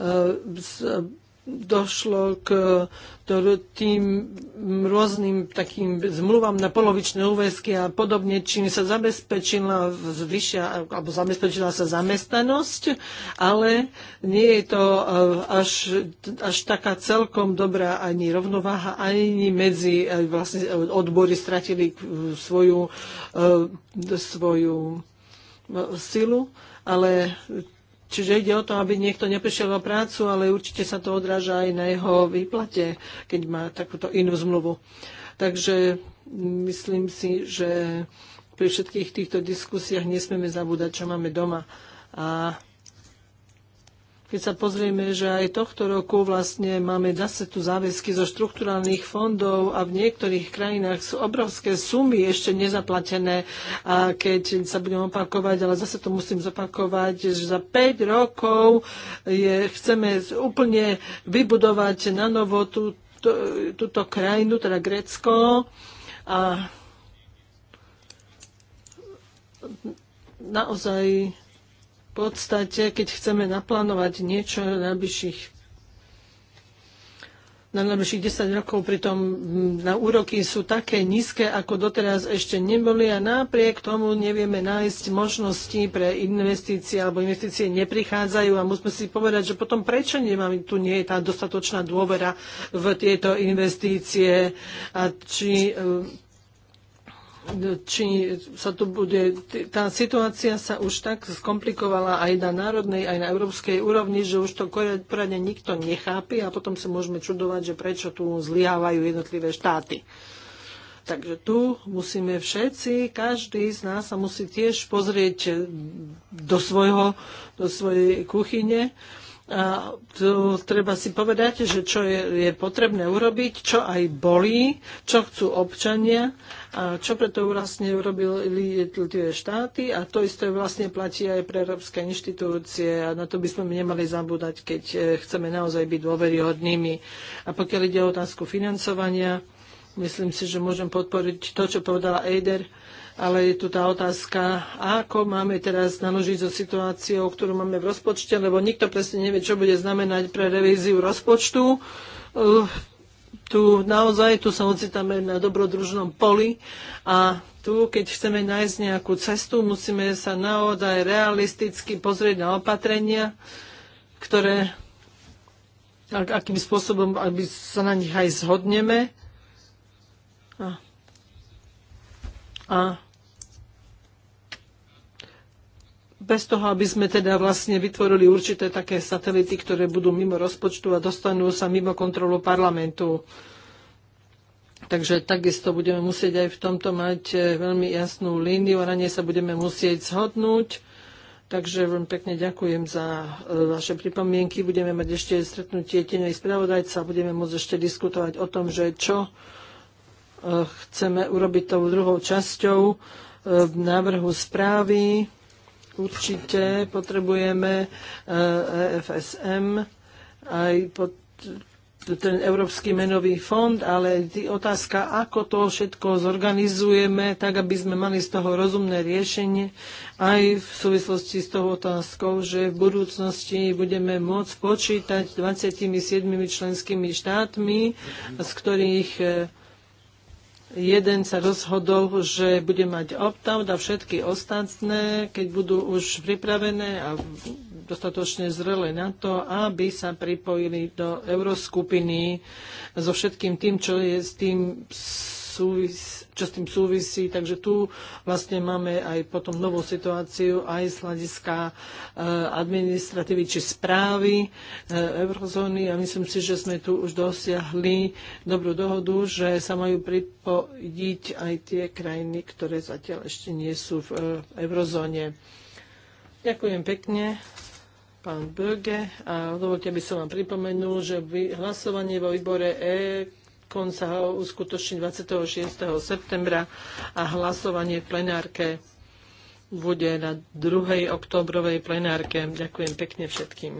E, došlo k tým rôznym takým zmluvám na polovičné úväzky a podobne, čím sa zabezpečila zvyšia, alebo zabezpečila sa zamestnanosť, ale nie je to e, až, až taká celkom dobrá ani rovnováha, ani medzi e, vlastne odbory stratili svoju, svoju silu, ale Čiže ide o to, aby niekto neprišiel o prácu, ale určite sa to odráža aj na jeho výplate, keď má takúto inú zmluvu. Takže myslím si, že pri všetkých týchto diskusiách nesmieme zabúdať, čo máme doma. A keď sa pozrieme, že aj tohto roku vlastne máme zase tu záväzky zo štrukturálnych fondov a v niektorých krajinách sú obrovské sumy ešte nezaplatené a keď sa budem opakovať, ale zase to musím zopakovať, že za 5 rokov je, chceme úplne vybudovať na novo tú, tú, túto krajinu, teda Grécko a naozaj podstate, keď chceme naplánovať niečo na najbližších na najbližších 10 rokov, pritom na úroky sú také nízke, ako doteraz ešte neboli a napriek tomu nevieme nájsť možnosti pre investície, alebo investície neprichádzajú a musíme si povedať, že potom prečo nemáme, tu nie je tá dostatočná dôvera v tieto investície a či či sa tu bude, tá situácia sa už tak skomplikovala aj na národnej, aj na európskej úrovni, že už to poradne nikto nechápi a potom sa môžeme čudovať, že prečo tu zlyhávajú jednotlivé štáty. Takže tu musíme všetci, každý z nás sa musí tiež pozrieť do, svojho, do svojej kuchyne a tu treba si povedať, že čo je, je potrebné urobiť, čo aj bolí, čo chcú občania, a čo preto vlastne urobili tie štáty a to isté vlastne platí aj pre európske inštitúcie a na to by sme nemali zabúdať, keď e, chceme naozaj byť dôveryhodnými. A pokiaľ ide o otázku financovania, myslím si, že môžem podporiť to, čo povedala Eider, ale je tu tá otázka, ako máme teraz naložiť so situáciou, ktorú máme v rozpočte, lebo nikto presne nevie, čo bude znamenať pre revíziu rozpočtu. Eh, tu naozaj, tu sa ocitáme na dobrodružnom poli a tu, keď chceme nájsť nejakú cestu, musíme sa naozaj realisticky pozrieť na opatrenia, ktoré akým spôsobom aby sa na nich aj zhodneme. A, a bez toho, aby sme teda vlastne vytvorili určité také satelity, ktoré budú mimo rozpočtu a dostanú sa mimo kontrolu parlamentu. Takže takisto budeme musieť aj v tomto mať eh, veľmi jasnú líniu a na nej sa budeme musieť zhodnúť. Takže veľmi pekne ďakujem za eh, vaše pripomienky. Budeme mať ešte stretnutie tenej spravodajca a budeme môcť ešte diskutovať o tom, že čo eh, chceme urobiť tou druhou časťou návrhu správy určite potrebujeme EFSM, eh, e aj pod ten Európsky menový fond, ale otázka, ako to všetko zorganizujeme, tak aby sme mali z toho rozumné riešenie, aj v súvislosti s tou otázkou, že v budúcnosti budeme môcť počítať 27 členskými štátmi, z ktorých eh, jeden sa rozhodol, že bude mať opt-out a všetky ostatné, keď budú už pripravené a dostatočne zrelé na to, aby sa pripojili do euroskupiny so všetkým tým, čo je s tým súvis čo s tým súvisí. Takže tu vlastne máme aj potom novú situáciu aj z hľadiska eh, administratívy či správy eh, eurozóny a myslím si, že sme tu už dosiahli dobrú dohodu, že sa majú pripojiť aj tie krajiny, ktoré zatiaľ ešte nie sú v eh, eurozóne. Ďakujem pekne pán Böge a dovolte, aby som vám pripomenul, že hlasovanie vo výbore E zákon sa uskutoční 26. septembra a hlasovanie v plenárke bude na 2. oktobrovej plenárke. Ďakujem pekne všetkým.